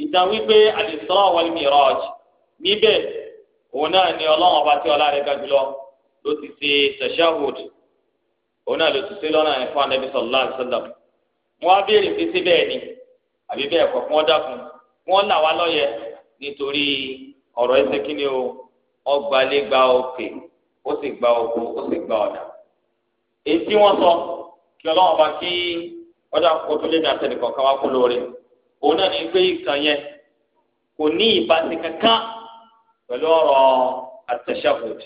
ìtàn wípé al-Isra wal Miraj. níbẹ̀ òun náà ni ọlọ́run ọba tí ọlá rẹ̀ ga jùlọ ló ti ṣe tashahud òun náà ló ti ṣe lọ́nà ẹ̀fọ́ anabi sallallahu alaihi wọn á béèrè pé ṣé bẹ́ẹ̀ ni àbí bẹ́ẹ̀ kọ́ fún ọ́dà fún wọn là wá lọ́yẹ nítorí ọ̀rọ̀ ẹsẹ̀ kíni o ọgbàlẹ̀ gba òkè ó sì gba òkú ó sì gba ọ̀dà èyí tí wọ́n sọ kí ọlọ́run ọba kí ọ̀dà kó tó lé ní lóore òun náà pé yẹn kò pẹ̀lú ọ̀rọ̀ at-tashahhud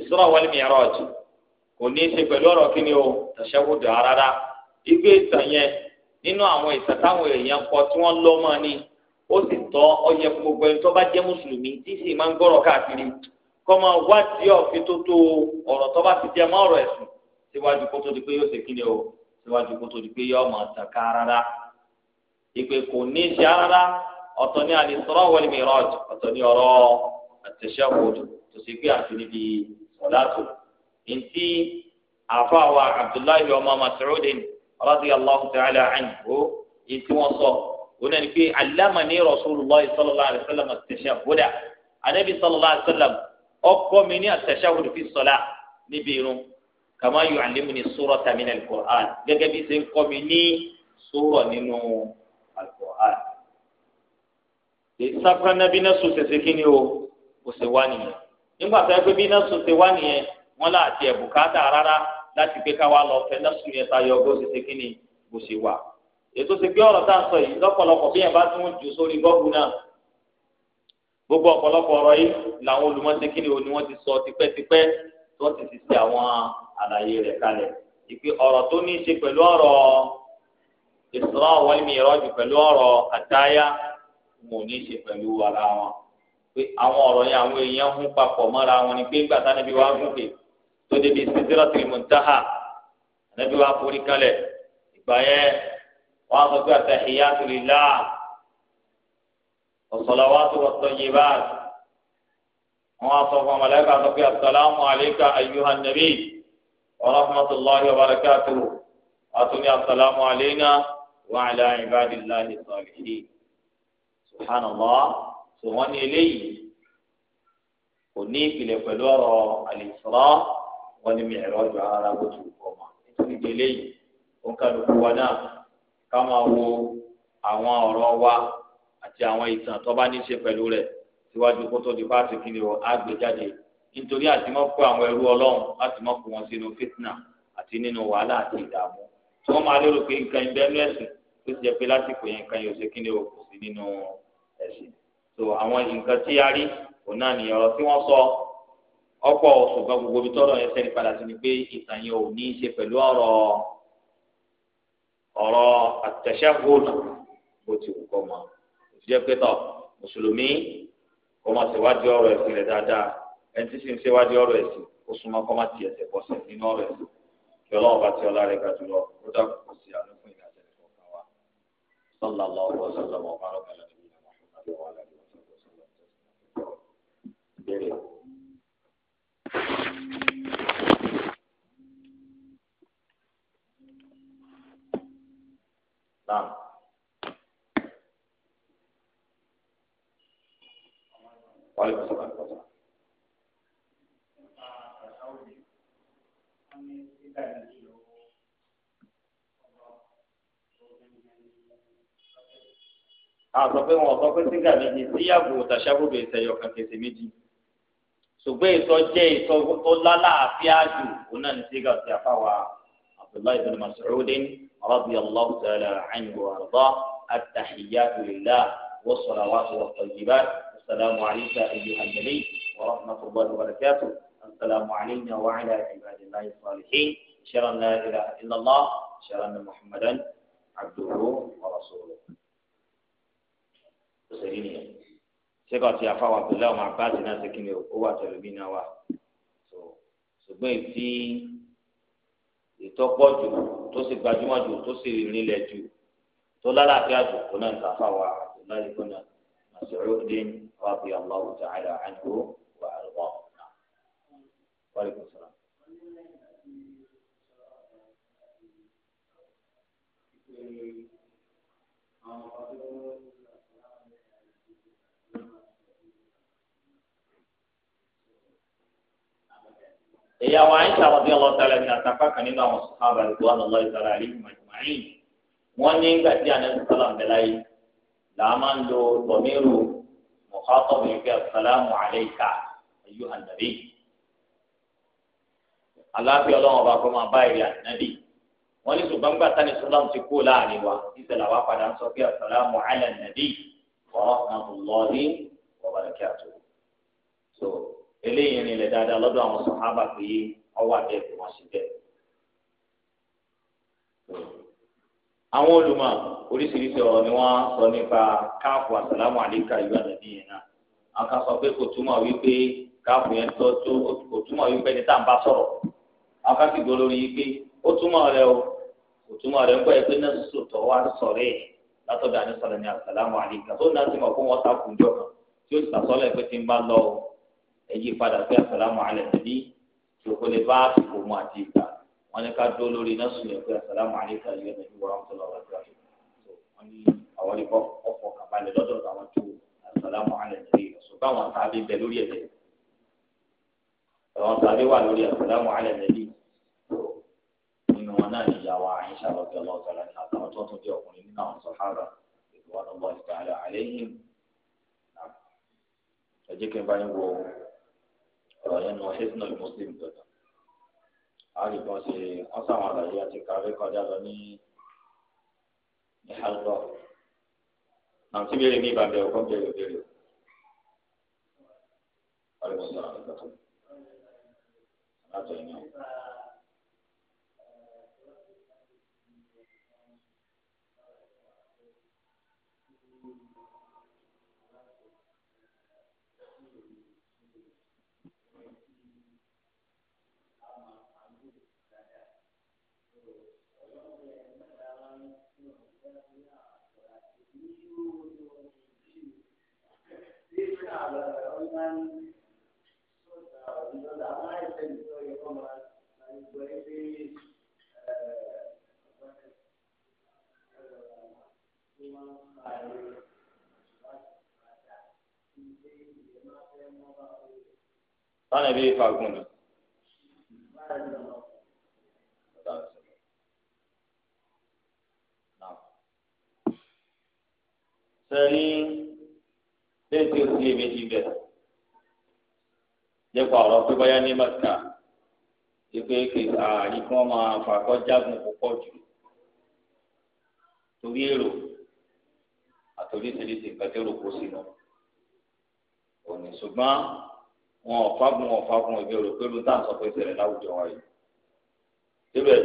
Isra wal Mi'raj kò ní í ṣe pẹ̀lú ọ̀rọ̀ kí ni o tashahhud rárá igbe ìtàn yẹn nínú àwọn ìtàn táwọn èèyàn kọ tí wọ́n lọ́ mọ́ ni ó sì tọ́ ọyẹ gbogbo ẹni tó bá jẹ́ mùsùlùmí tí sì máa ń gbọ́rọ̀ káàkiri kọ́ máa wádìí ọ̀fin tó tó ọ̀rọ̀ tó bá ti jẹ mọ́ ọ̀rọ̀ ẹ̀sìn síwájú kó tó di pé yóò ṣe kí o síwájú kó tó di pé yóò máa tàn rárá ìpè kò ní í ṣe rárá ọ̀tọ̀ ní al-Isra ọ̀tọ̀ ní ọ̀rọ̀ àtẹ̀síàwòdù tó ṣe pé àfi níbi sọ̀láàtò. Ntí àfàwà Abdullahi ọmọ Mas'udin radiyallahu ta'ala anhu ntí wọ́n sọ wọn náà ni pé alámàní Rasulullah sallallahu alayhi wa sallam àtẹ̀síàwòdà anabi sallallahu alayhi wa sallam ọkọ mi ní àtẹ̀síàwòdù fi sọ̀lá níbi irun kama yu'allimuni surata min al-Qur'an gẹ́gẹ́ bí ṣe ń kọ́ mi ní sura nínú al-Qur'an. Ìsáfà nàbí náà sọ ṣẹṣẹ kí ni o? kò ṣe wá nìyẹn nígbà tó yẹ pé bí nọ́ọ̀sù ṣe wá nìyẹn wọn láti ẹ̀ bùkátà rárá láti pé káwá lọ fẹ́ nọ́ọ̀sù yẹn tayọ bó ṣe ṣe kíni bó ṣe wà ètò ṣe pé ọ̀rọ̀ tá à ń sọ yìí lọ́pọ̀lọpọ̀ bí yẹn bá tún jù sórí gọ́ọ̀gù náà gbogbo ọ̀pọ̀lọpọ̀ ọ̀rọ̀ yìí làwọn olùmọ̀ọ́sẹ̀ kíni o wọ́n ti sọ tipẹ́tipẹ́ wọ́n ti ti ṣe àwọn àlàyé rẹ̀ kalẹ̀ pé àwọn ọ̀rọ̀ yẹn àwọn èèyàn hún papọ̀ mọ́ra wọn ni pé ìgbà táwọn ẹbí wa gòkè tó débi Sidratul Muntaha ẹbí wa forí kalẹ̀ ìgbà yẹn wọn sọ pé at-tahiyyatu lillah was-salawatu wat-tayyibat wọn sọ fún ọmọlẹ́kà sọ pé assalamu alayka ayyuhan nabi wa rahmatullahi wa barakatuhu àtúnyẹ assalamu alayna wa ala ibadillahi salihin subhanallah tó wọ́n ní eléyìí kò ní ìpìlẹ̀ pẹ̀lú ọ̀rọ̀ àlìsọ́rọ́ wọ́n ní mìíràn ọjọ́ ara bó ti kọ́ ma nítorí ti eléyìí ó ń kálukú wa náà ká máa wo àwọn ọ̀rọ̀ wa àti àwọn ìtàn tó bá ní í ṣe pẹ̀lú rẹ̀ síwájú kó tó di fáàtì kí ni o á gbé jáde nítorí àti mọ́ kó àwọn ẹrú ọlọ́run láti mọ́ kó wọn sínú fitna àti nínú wàhálà àti ìdààmú tí wọ́n máa lérò pé nǹkan ìbẹ́nu ẹ̀sìn tó ti jẹ́ pé lásìkò yẹn nǹkan yóò ṣe kí ni o kò sí nínú ẹ̀sìn so àwọn nǹkan tí a rí òun náà nìyẹn ọ̀rọ̀ tí wọ́n sọ ọ̀pọ̀ ṣùgbọ́n gbogbo ibi tọ́lọ̀ yẹn sẹ́ni padà sí ni pé ìtàn yẹn ò ní í ṣe pẹ̀lú ọ̀rọ̀ ọ̀rọ̀ àtẹ̀ṣẹ́gbòdù bó ti wù kọ́ mọ́ òṣìṣẹ́ pé tọ̀ mùsùlùmí kọ́ máa ṣèwádìí ọ̀rọ̀ ẹ̀sìn rẹ̀ dáadáa ẹni tí sì ń ṣèwádìí ọ̀rọ̀ ẹ̀sìn ó súnmọ́ kọ́ máa ti ẹ̀sẹ̀ bọ̀ sẹ̀ nínú ọ̀rọ̀ ẹ̀sìn kí ọlọ́run bá ti ọlá rẹ̀ ga jùlọ ó dàgbò sí àlùfín ìlàjẹ̀ nìkan kan wa sọ́lá lọ́wọ́ sọ́lá ìbéèrè. Naam. Wọ́n lè fi sọ̀rọ̀ àti ọ̀sán. àsọ pé wọn sọ pé sígà méjì síyàgò tàṣàbùbẹ ìṣẹyọ kan kẹsẹ méjì ṣùgbọ́n ìtọ́ jẹ́ ìtọ́ tó lálàáfíà jù òun náà ní sígá ti àfáwà abdullahi bin masoudin radiyallahu ta'ala anhu wa arda at-tahiyyatu lillah wa salawatu wa tayyibat assalamu alayka ayyuha an-nabi wa rahmatullahi wa barakatuh assalamu alayna wa ala ibadillahi salihin shara la ilaha illa allah shara muhammadan abduhu wa rasuluhu. Serini. sẹ́kọ̀ tí afáwọn àbẹ̀lẹ̀ ọmọ àbáàtì náà ṣe kíni ó wà tẹ̀lómi náà wà so ṣùgbọ́n ìfi ìtọ́pọ̀ jù tó sì gbajúmọ̀ jù tó sì rinlẹ̀ jù tó lálàáfíà jù kó náà ta fáwọn àbẹ̀lẹ̀ ìgbóná Mas'udin radiyallahu ta'ala anhu wà lọ́wọ́ náà wọ́n lè kó sọ̀rọ̀. àwọn ọmọdé ìyàwó àyíṣà wọn bí ọlọ́ọ̀ tẹ́lẹ̀ ní àtàkpà kan nínú àwọn sùkàbà ìgbọ́ ọlọ́ọ̀ ìtàlá àríyìn màjùmáyìn wọn ní nígbà tí anabi sálàm bẹ́lá yìí làá máa ń lo tọ́mírù mọ̀kátọ́ mi fẹ́ sàlámù àlẹ́yìká ayú ànàbí. aláàfin ọlọ́wọ́n ọba kọ́ máa bá ìrì ànàbí wọn ní ṣùgbọ́n gbà tani sálàm ti kú láàrin wa ìṣẹ̀lẹ̀ àwa padà ń sọ fẹ́ sàlámù àlẹ́ ànàbí wọ́n eléyìí ihe n'ile dáadáa lọ́dọ̀ àwọn sàhábà pé ọwọ́ abẹ́ kò wọ́n sí bẹ́ẹ̀. àwọn olùmọ̀ oríṣiríṣi ọ̀rọ̀ ni wọ́n sọ nípa káàfù àsàlámù àlíkà ìlú àdàbí yẹn náà àwọn kan sọ pé kò túmọ̀ wípé káàfù yẹn tó tó kò túmọ̀ wípé ẹni tá sọ̀rọ̀ àwọn kan sì gbọ́ lórí yìí pé ó túmọ̀ rẹ o kò túmọ̀ rẹ ń gbọ́ ẹ pé náà sòtọ̀ wá sọ̀rẹ́ látọ̀dọ̀ ẹyí padà sí asàlámù alẹ nàbí ìṣòro lè bá àsìkò mu àti ìgbà wọn ní ká dúró lórí iná sùn lè pé asàlámù alẹ kà yọ nàbí wọn tó lọ wá sí àṣìkò wọn ní àwọn lè bọ ọkọ kàbalẹ lọ́dọ̀ àwọn tó asàlámù alẹ nàbí ṣùgbọ́n àwọn sábẹ bẹ lórí ẹbẹ àwọn sábẹ wà lórí asàlámù alẹ nàbí nínú wọn náà ní ìyàwó àyíṣà lọ́dọ̀ lọ́dọ̀ lọ́dọ̀ àtàwọn tó tún jẹ ọkùnrin nínú àwọn sàhábà ìlú wọn lọ bọ ìtàn àlẹ yìí ẹ kí n bá yín wọ ọ̀rọ̀ yẹn nù hẹ́sìn náà muslim dọ̀dọ̀ àárín kan ṣe wọ́n sàwọn àlàyé àti kàwé kọjá lọ ní ní àlùkò àǹtí bèrè ní ìbàdàn ọkọ bèrè bèrè ọ̀rẹ́ wọn sọ̀rọ̀ látọ̀ yẹn náà. lọ́nà bí fagun ni. sẹ́ni léèké sí èméjì bẹ nípa ọ̀rọ̀ pé báyá ní mẹ́ta ìpè kìsà ìkan máa fàkọjágun púpọ̀ jù torí èrò àtòrí ìṣèlérí ìpàdé òròkó sínú òní ṣùgbọ́n wọn ọ̀fágun ọ̀fágun ìbí òrò pé ló dáhùn sọ pé ìṣẹ̀lẹ̀ láwùjọ wa yìí síbẹ̀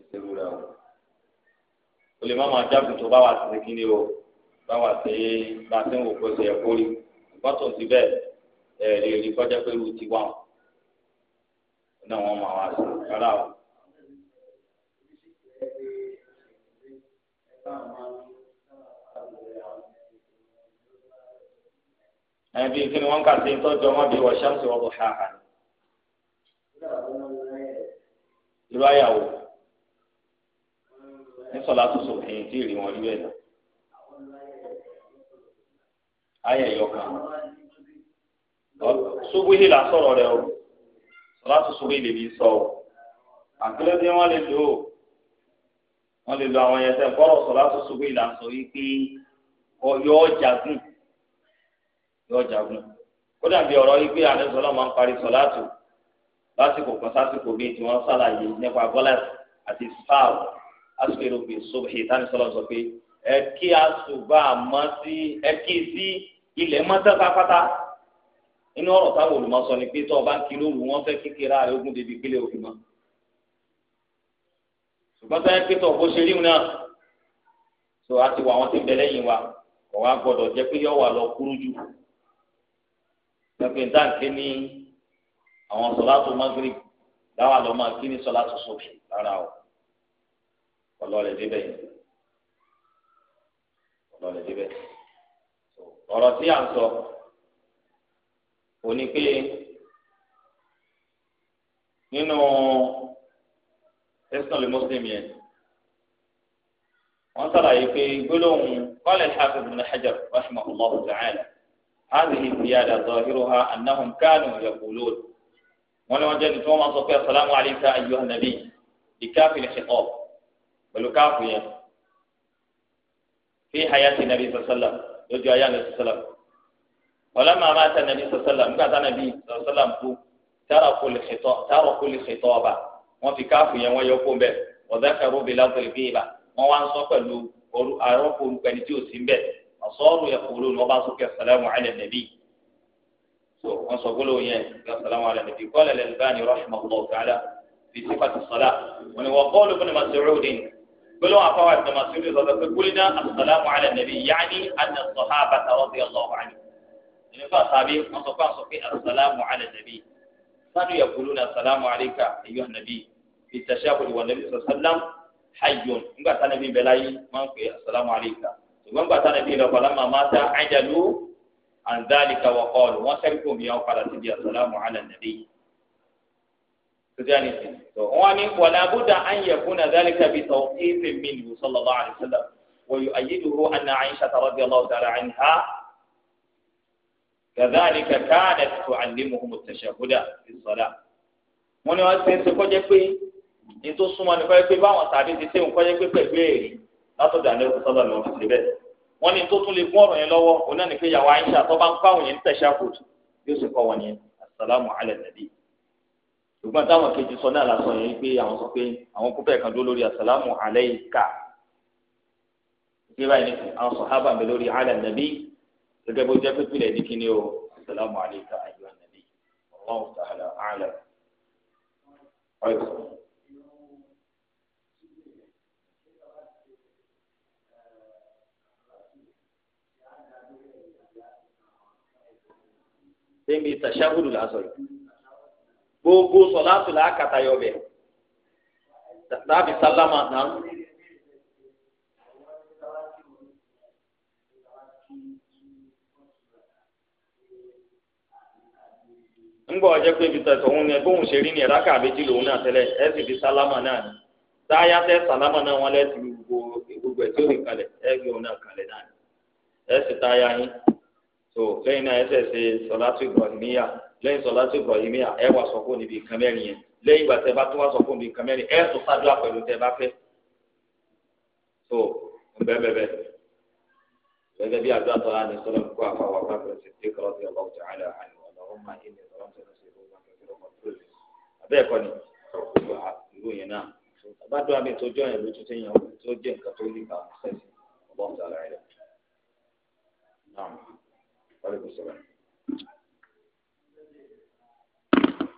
ìṣèlú rẹ̀ o olè má máa jágun tó bá wà sí kíní o báwa ṣe bá ṣe ń wò kó ṣe ẹ kórì ìgbọ́n ti bẹ́ẹ̀ ẹ lè rí kọjá pé irú ti wà ó náà wọ́n máa wá sí rárá o. ẹbí kí ni wọ́n kà sí tọ́jú ọmọ bíi wọ̀ṣẹ́ ṣe wọ́n bọ̀ ṣáà. irú àyàwó ní sọlá tó sọ èyí tí ì wọn rí bẹ́ẹ̀ náà. ayẹ yọkan subuhi la sọ̀rọ̀ rẹ̀ o sọláṣọ subuhi lè fi sọ o àkìlẹ́dẹ́ wọn lè lò ó wọn lè lo àwọn yẹn sẹ́ bọ́rọ̀ subuhi la sọ yìí pé yọ jagun yọ jagun ó dàbí ọ̀rọ̀ yìí pé àdéhùn máa ń parí sọláṣọ lásìkò kan sásìkò bíi tí wọ́n sàlàyé nípa bọ́lá àti sáàbù àsìkò èrò bíi subuhi tani sọlọ sọ pé ẹ kí àsùbà sí ẹ sí ilẹ̀ mọ́tẹ́ pátápátá inú ọ̀rọ̀ táwọn olùmọ̀sọ ni pé tó o bá ń kiri òru wọn fẹ́ kíkiri ara ogun débi ìpínlẹ̀ òru mọ́ ṣùgbọ́n tó yẹ pé tó o bó ṣe ríun náà tó a ti wọ àwọn tí ń bẹ lẹ́yìn wa kò wá gbọdọ̀ jẹ́ pé yọ wà lọ kúrú jù pẹ̀pẹ̀ dáǹkì ní àwọn sọ̀látù maghrib dáwà lọ́ máa kí ní sọ̀látù sọ̀bì rárá o ọlọ́ọ̀lẹ̀ débẹ̀ ọlọ́ọ̀lẹ̀ débẹ̀ ọ̀rọ̀ tí à ń sọ òní pé nínú tẹsán lè Muslim yẹn wọ́n sàlàyé pé gbólóhùn qala al-Hafiz ibn Hajar rahimahullah ta'ala hadhihi ziyada zahiruha annahum kanu yaqulun wọ́n ní wọ́n jẹ́ nítorí wọ́n máa sọ pé asalaamu alayka ayyuha nabi ìkáàfin ìṣẹ̀kọ́ pẹ̀lú káàfin yẹn fi hayati nabi sallallahu lójú ayé alẹ́ sọ́sọ́lá ọlọ́mọ àmà àti ànàbí sọ́sọ́lá nígbà tí ànàbí sọ́sọ́lá ń kú tààrọ̀ kó lè ṣètọ́ ọba wọ́n fi káàfù yẹn wọ́n yọ kó bẹ́ẹ̀ ọ̀dà kẹrù bí látọ̀lẹ̀ bí ibà wọ́n wá ń sọ pẹ̀lú àrọ́pò orúkọ ẹni tí ò sí bẹ́ẹ̀ ọ̀sọ́ọ̀rù yẹ kúrò ní ọba sókè sàlámù alẹ́ nàbí so wọ́n sọ gbólóhùn yẹn sàlámù alẹ́ nàbí kọ́lẹ̀ lẹ́lẹ́bàá ni rahmatulah ta'ala fi sípàtì sọ́lá wọn ni wọ́n kọ́ gbólóhùn afọwọ́ àti masudi sọ̀rọ̀ pé kúlínà asàlámù alẹ́ nàbí yaani àná sọ̀hábà tàwọ́sí ọlọ́wọ́ àní. nípa sábẹ́ wọ́n sọ fún àsọ̀fẹ́ asàlámù alẹ́ nàbí sanu yakulu na asàlámù alẹ́ka ayé nàbí fi tàṣàbùdì wà nàbí sọ̀sálàm hayyun ńgbà tá nàbí bẹ̀lá yìí máa ń pè asàlámù alẹ́ka ṣùgbọ́n ńgbà tá nàbí lọ bàlámà máa ta àjàlú àǹdálíkà wà kọ́ọ̀lù wọ́n sẹ́kù mi àwọn padà síbi asàlámù alẹ́ nàbí sojani ti tó wọn ni wàlá abúdá an yakuna dhalika bi tawqifin minhu sallallahu alayhi wa sallam wa yu'ayyiduhu anna aisha radiyallahu ta'ala anha كذلك كانت تعلمهم التشهد في الصلاة wọ́n ní wọ́n ti ń ṣe kọ́jẹ́ pé ní tó súnmọ́ ní kọ́jẹ́ pé báwọn tàbí ti ṣe ń kọ́jẹ́ pé pẹ̀lú èrè látọ̀dọ̀ àlẹ́ òkú sọ́dọ̀ lọ́wọ́ ti bẹ́ẹ̀. wọ́n ní tó tún lè fún ọ̀rọ̀ yẹn lọ́wọ́ òun náà ní pé yàwó tó bá ń fáwọn yẹn ń tẹ̀sà yóò sì kọ́ wọn yẹn asalaamu ala nabi ṣùgbọ́n táwọn kejì sọ náà lásán yẹn pé àwọn sọ pé àwọn kúfẹ́ kan dúró lórí asàlámù aláìka ìgbéra yìí àwọn sọ̀hábà mi lórí alẹ́ nàbí gẹ́gẹ́ bó jẹ́ pípìlẹ̀ ní kíní o asàlámù aláìka ayọ̀ nàbí ọlọ́run tààlà àlẹ́ ọ̀yọ́ sọ̀rọ̀. lásán yìí gbogbo sọláàtù là á kàtà yọbẹ tàbí sálámà náà. ńgbọ́ ọjọ́ pé ibi tẹ̀sán òun ni bóun ṣe rí ni ẹ̀rá kàbéjì lòun náà tẹ́lẹ̀ ẹ̀ sì fi sálámà náà ni táyà tẹ́ sálámà náà wọn lẹ́sìn gbogbo ẹ̀ tí ó rìn kalẹ̀ ẹ̀ gbé òun náà kalẹ̀ náà ni ẹ̀ sì táyà yín tó lẹ́yìn náà ẹ̀ sẹ̀ ṣe sọ̀látù ìgbọ̀nìyà lẹ́yìn sọlá tó Ibrahimiyya ẹ wà sọ fún níbi nǹkan mẹ́rin yẹn lẹ́yìn ìgbà tẹ bá tó wà sọ fún níbi nǹkan mẹ́rin ẹ tó ṣàdúrà pẹ̀lú tẹ bá fẹ́ so bẹ́ẹ̀bẹ́ẹ̀ gẹ́gẹ́ bí àdúrà tó láti sọlá kó àfàwà bá bẹ̀rẹ̀ sí pé kọ́lá ti ọba ọjà àlẹ́ ọ̀nà ọmọ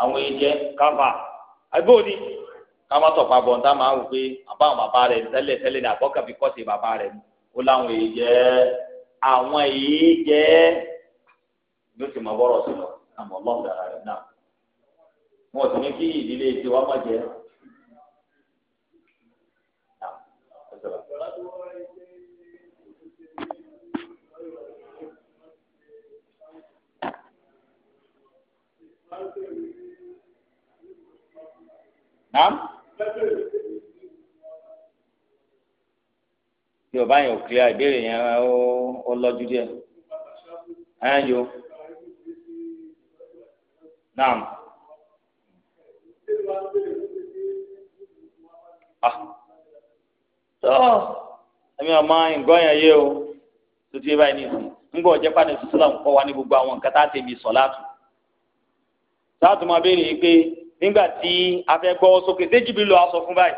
àwọn ẹ̀jẹ̀ káfà àbóòdì káma tọ̀pá bọ̀ níta máa wò pé àbá àwọn bàbá rẹ̀ tẹ́lẹ̀ tẹ́lẹ̀ ní àbọ̀kàbí kọ́sì bàbá rẹ̀ ó láwọn ẹ̀jẹ̀ àwọn ẹ̀jẹ̀ yóò ti mọ bọ́rọ̀ sí lọ àmọ́ ọlọ́run dára rẹ̀ náà wọn ò sì ní kí ìdílé tiwa má jẹ́ Thank you nàám tí o bá yàn ò clear ìbéèrè yẹn ó lọ́jú díẹ̀ ẹ̀ yo ah tó ẹ̀mi ọ̀ma nǹkan yẹn yé o tó ti báyìí ní ìsìn ńgbọ́ ọ̀jẹ́ pàdé sísílà ń wa ní gbogbo àwọn nǹkan tá a ti mi sọ̀ látù sáà tó máa béèrè yìí pé nígbà tí a fẹ́ gbọ́ sókè ṣé jìbìrì lọ sọ fún báyìí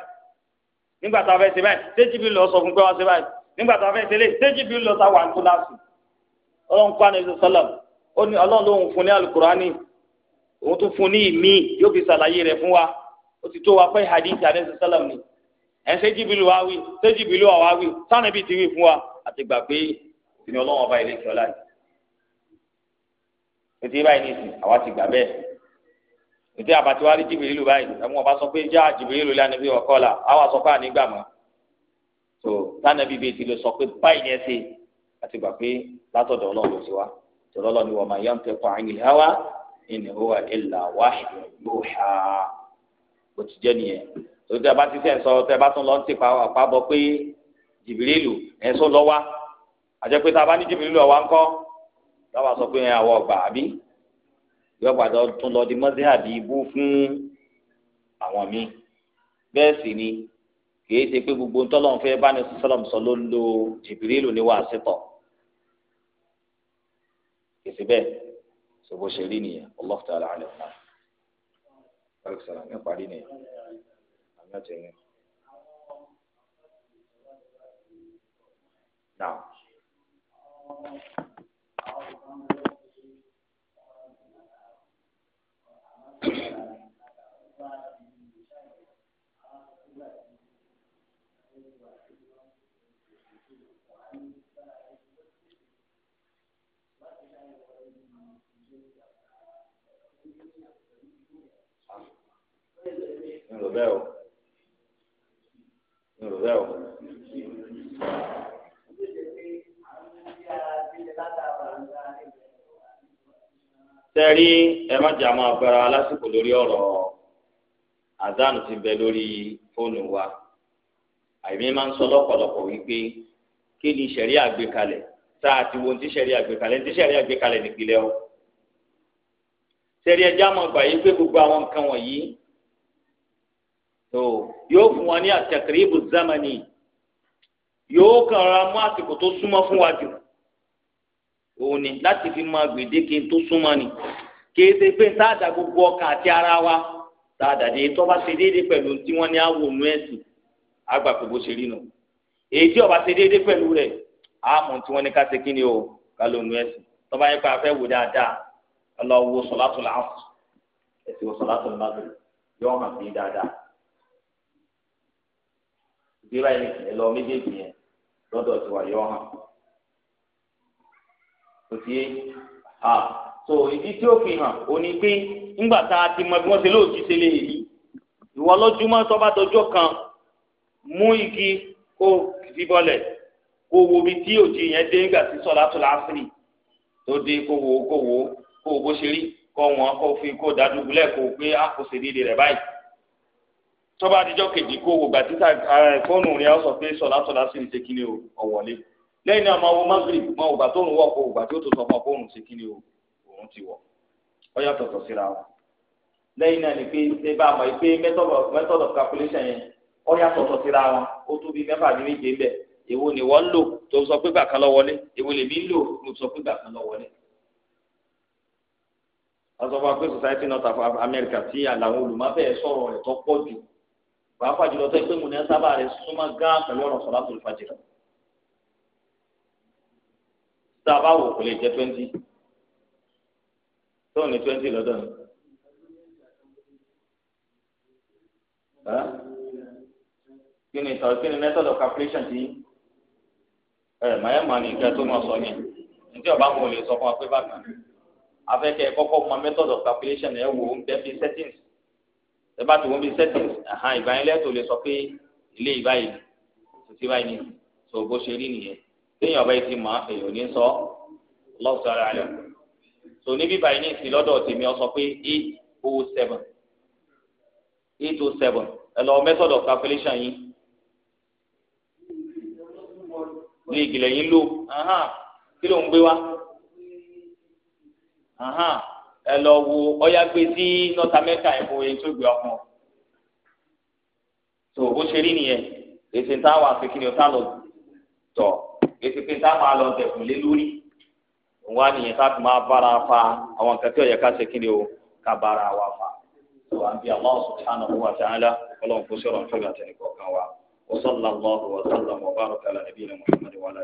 nígbà tá a fẹ́ ṣe báyìí ṣé jìbìrì lọ sọ fún pé wá ṣe báyìí nígbà tá a fẹ́ ṣe lé ṣé jìbìrì lọ sá wà ní kíláàsì ọlọ́run kọ́ àná ìṣọ̀sọ́lọ̀ ó ní ọlọ́run lóhun fún ní alukurani òun tún fún ní ìmí yóò fi ṣàlàyé rẹ̀ fún wa ó ti tó wa pé hadith àná ìṣọ̀sọ́lọ̀ ni ẹ̀ ṣé jìbìrì wá wí ṣé jìbìrì wá wá wí sáà níbi ti wí fún wa àti gbà pé ìní ọlọ́run ọba ilé ìṣọ̀lá yìí ètò àbàtiwárí jìbìrì lù báyìí àwọn ọba sọ pé já jìbìrì lù lánàá bí ọkọ la àwọn sọ pé ànígbà mọ tó tánàbí bíi ti lè sọ pé báyìí yẹn ṣe àti gbà pé látọ̀dọ̀ ọlọ́run ti wá tọ̀rọ̀ lọ ni wọ́n máa yán tẹ̀kọ̀ àyìnlẹ̀ hawa in huwa illa wahyu yuha bó ti jẹ́ nìyẹn tó tẹ́ bá ti fẹ́ sọ tẹ́ bá tún lọ ń tì pàbọ̀ pé jìbìrì lù ẹ̀ sọ lọ wá àjẹpẹ́ tá a bá ní jìbìrì lù ọ̀ yọ padà tún lọ di mọ́síhàbí ibú fún àwọn míì bẹ́ẹ̀ sì ni kìí ṣe pé gbogbo ntọ́lọ́run fẹ́ bá ní sọ́lọ́m sọ ló ń lo jìbìrìlù ní wàásù pọ̀ kìí ṣe bẹ́ẹ̀ ṣe ṣe rí nìyẹn Allah ta'ala àlẹ́ fún wa. Now. ń lò bẹ́ẹ̀ o ń lò bẹ́ẹ̀ o. sẹ́rí ẹ má jà máa bára lásìkò lórí ọ̀rọ̀ àdánù ti bẹ lórí fóònù wa àìmí máa ń sọ lọ́pọ̀lọpọ̀ wípé kí ni sẹ̀rí àgbékalẹ̀ tá a ti wo ti sẹ̀rí àgbékalẹ̀ ti sẹ̀rí àgbékalẹ̀ nìpínlẹ̀ o sẹ̀rí ẹja máa gbà yí pé gbogbo àwọn nǹkan wọ̀nyí yo yóò fún wa ní zamani yóò kàrà mú àsìkò tó súnmọ́ fún wa jù òun ni láti fi máa gbèdéke tó ni pé sáàdà gbogbo ọkàn àti ara wa sáàdà dé tó bá ṣe déédéé pẹ̀lú tí wọ́n ní àwòrán ẹ̀sìn àgbà gbogbo ṣe rí nù èyí tí ó ṣe déédéé pẹ̀lú rẹ̀ àmọ́ tí wọ́n ní ká ṣe kí ni o ká ló nu ẹ̀sìn tó bá yẹ a fẹ́ bí báyìí ní ìpínlẹ̀ lọ méjèèjì yẹn lọ́dọ̀ tiwa yọ hàn kò sí ha so ìdí tí ó fi hàn ó ní pé ńgbà tá a ti mọ bí wọ́n ṣe lóòjì ṣe lè yí ìwọ lójúmọ́ tó bá dọjọ́ kan mú igi kó fi bọ́lẹ̀ kó wo bí tí òjì yẹn dé nígbà tí sọlá tó láásìrì tó dé kó wo kó wo kó wo bó ṣe rí kó wọn kó fi kó dájú gulẹ̀ kó gbé àkóso ìdílé rẹ̀ báyìí tọ́ba àtijọ́ kejì kó wò gbàtí fóònù rẹ̀ ọ sọ pé sọ̀lá sọ̀lá sí ní sekínì ọ̀wọ́lé lẹ́yìn náà máa wo magrib máa wò gbà tó ń kó gbà tí ó tó sọ fún fóònù sekínì òun ti wọ̀ ọ yàtọ̀tọ̀ síra wọn. lẹ́yìn náà ni pé ṣé bá a mọ̀ pé method of calculation yẹn ọ yàtọ̀tọ̀ síra wọn ó tó bí mẹ́fà ní méje ń bẹ̀ èwo ni wọ́n lò tó sọ pé gbà kan lọ wọlé èwo lèmi lò tó sọ pé gbà kan lọ wọlé azọfọ akpé society north America ti àlàó olùmọ̀fẹ́ sọ̀rọ̀ rẹ̀ pọ̀ jù pàápàá jùlọ tó pé múnẹ sábà rẹ̀ súnmọ́ gán pẹ̀lú ọ̀rọ̀ sọlá tó fàjì tá a bá wò kò lè jẹ twenty tó ní twenty lọ́dọ̀ ni. kí ni sọ kí ni method of calculation ti ẹ màá mà ní nǹkan tó máa sọ yẹn njẹ ọba kò lè sọ fún wa pé bákan afẹ́kẹ́ kọ́kọ́ mọ method of calculation ẹ wò ó ń bẹ́ẹ̀ fi settings ẹ bá tó wọn bí settings ahan ìgbà yẹn lẹ́tọ̀ lè sọ pé ilé ìbáyìí títí báyìí ni tó bó ṣe rí nìyẹn téèyàn ọba yìí ti mọ èèyàn ní sọ lọ́sọ̀ ara rẹ̀ tó níbí báyìí ní ìsìn lọ́dọ̀ tèmi ọ sọ pé eight oh seven eight oh seven ẹ lọ method of calculation yìí ní ìgbìlẹ̀ yìí lò kí ló ń gbé wá. ẹ lọ wo ọyá gbé sí north america ẹ̀fọ́ yẹn tó gbé ọkàn tó ṣe rí nìyẹn lọ lé lórí wọn nìyẹn ká máa bára fa àwọn ká ṣe kíni o ká bára wa fa tó wà ń bí Allah subhanahu wa ta'ala ọlọ́run kó sọ̀rọ̀ nítorí àtẹnìkọ̀ kan wa وصلى الله وسلم وبارك على نبينا محمد وعلى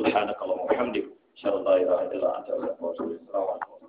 اله إن شاء الله لا إله إلا أنت أستغفرك وأتوب إليك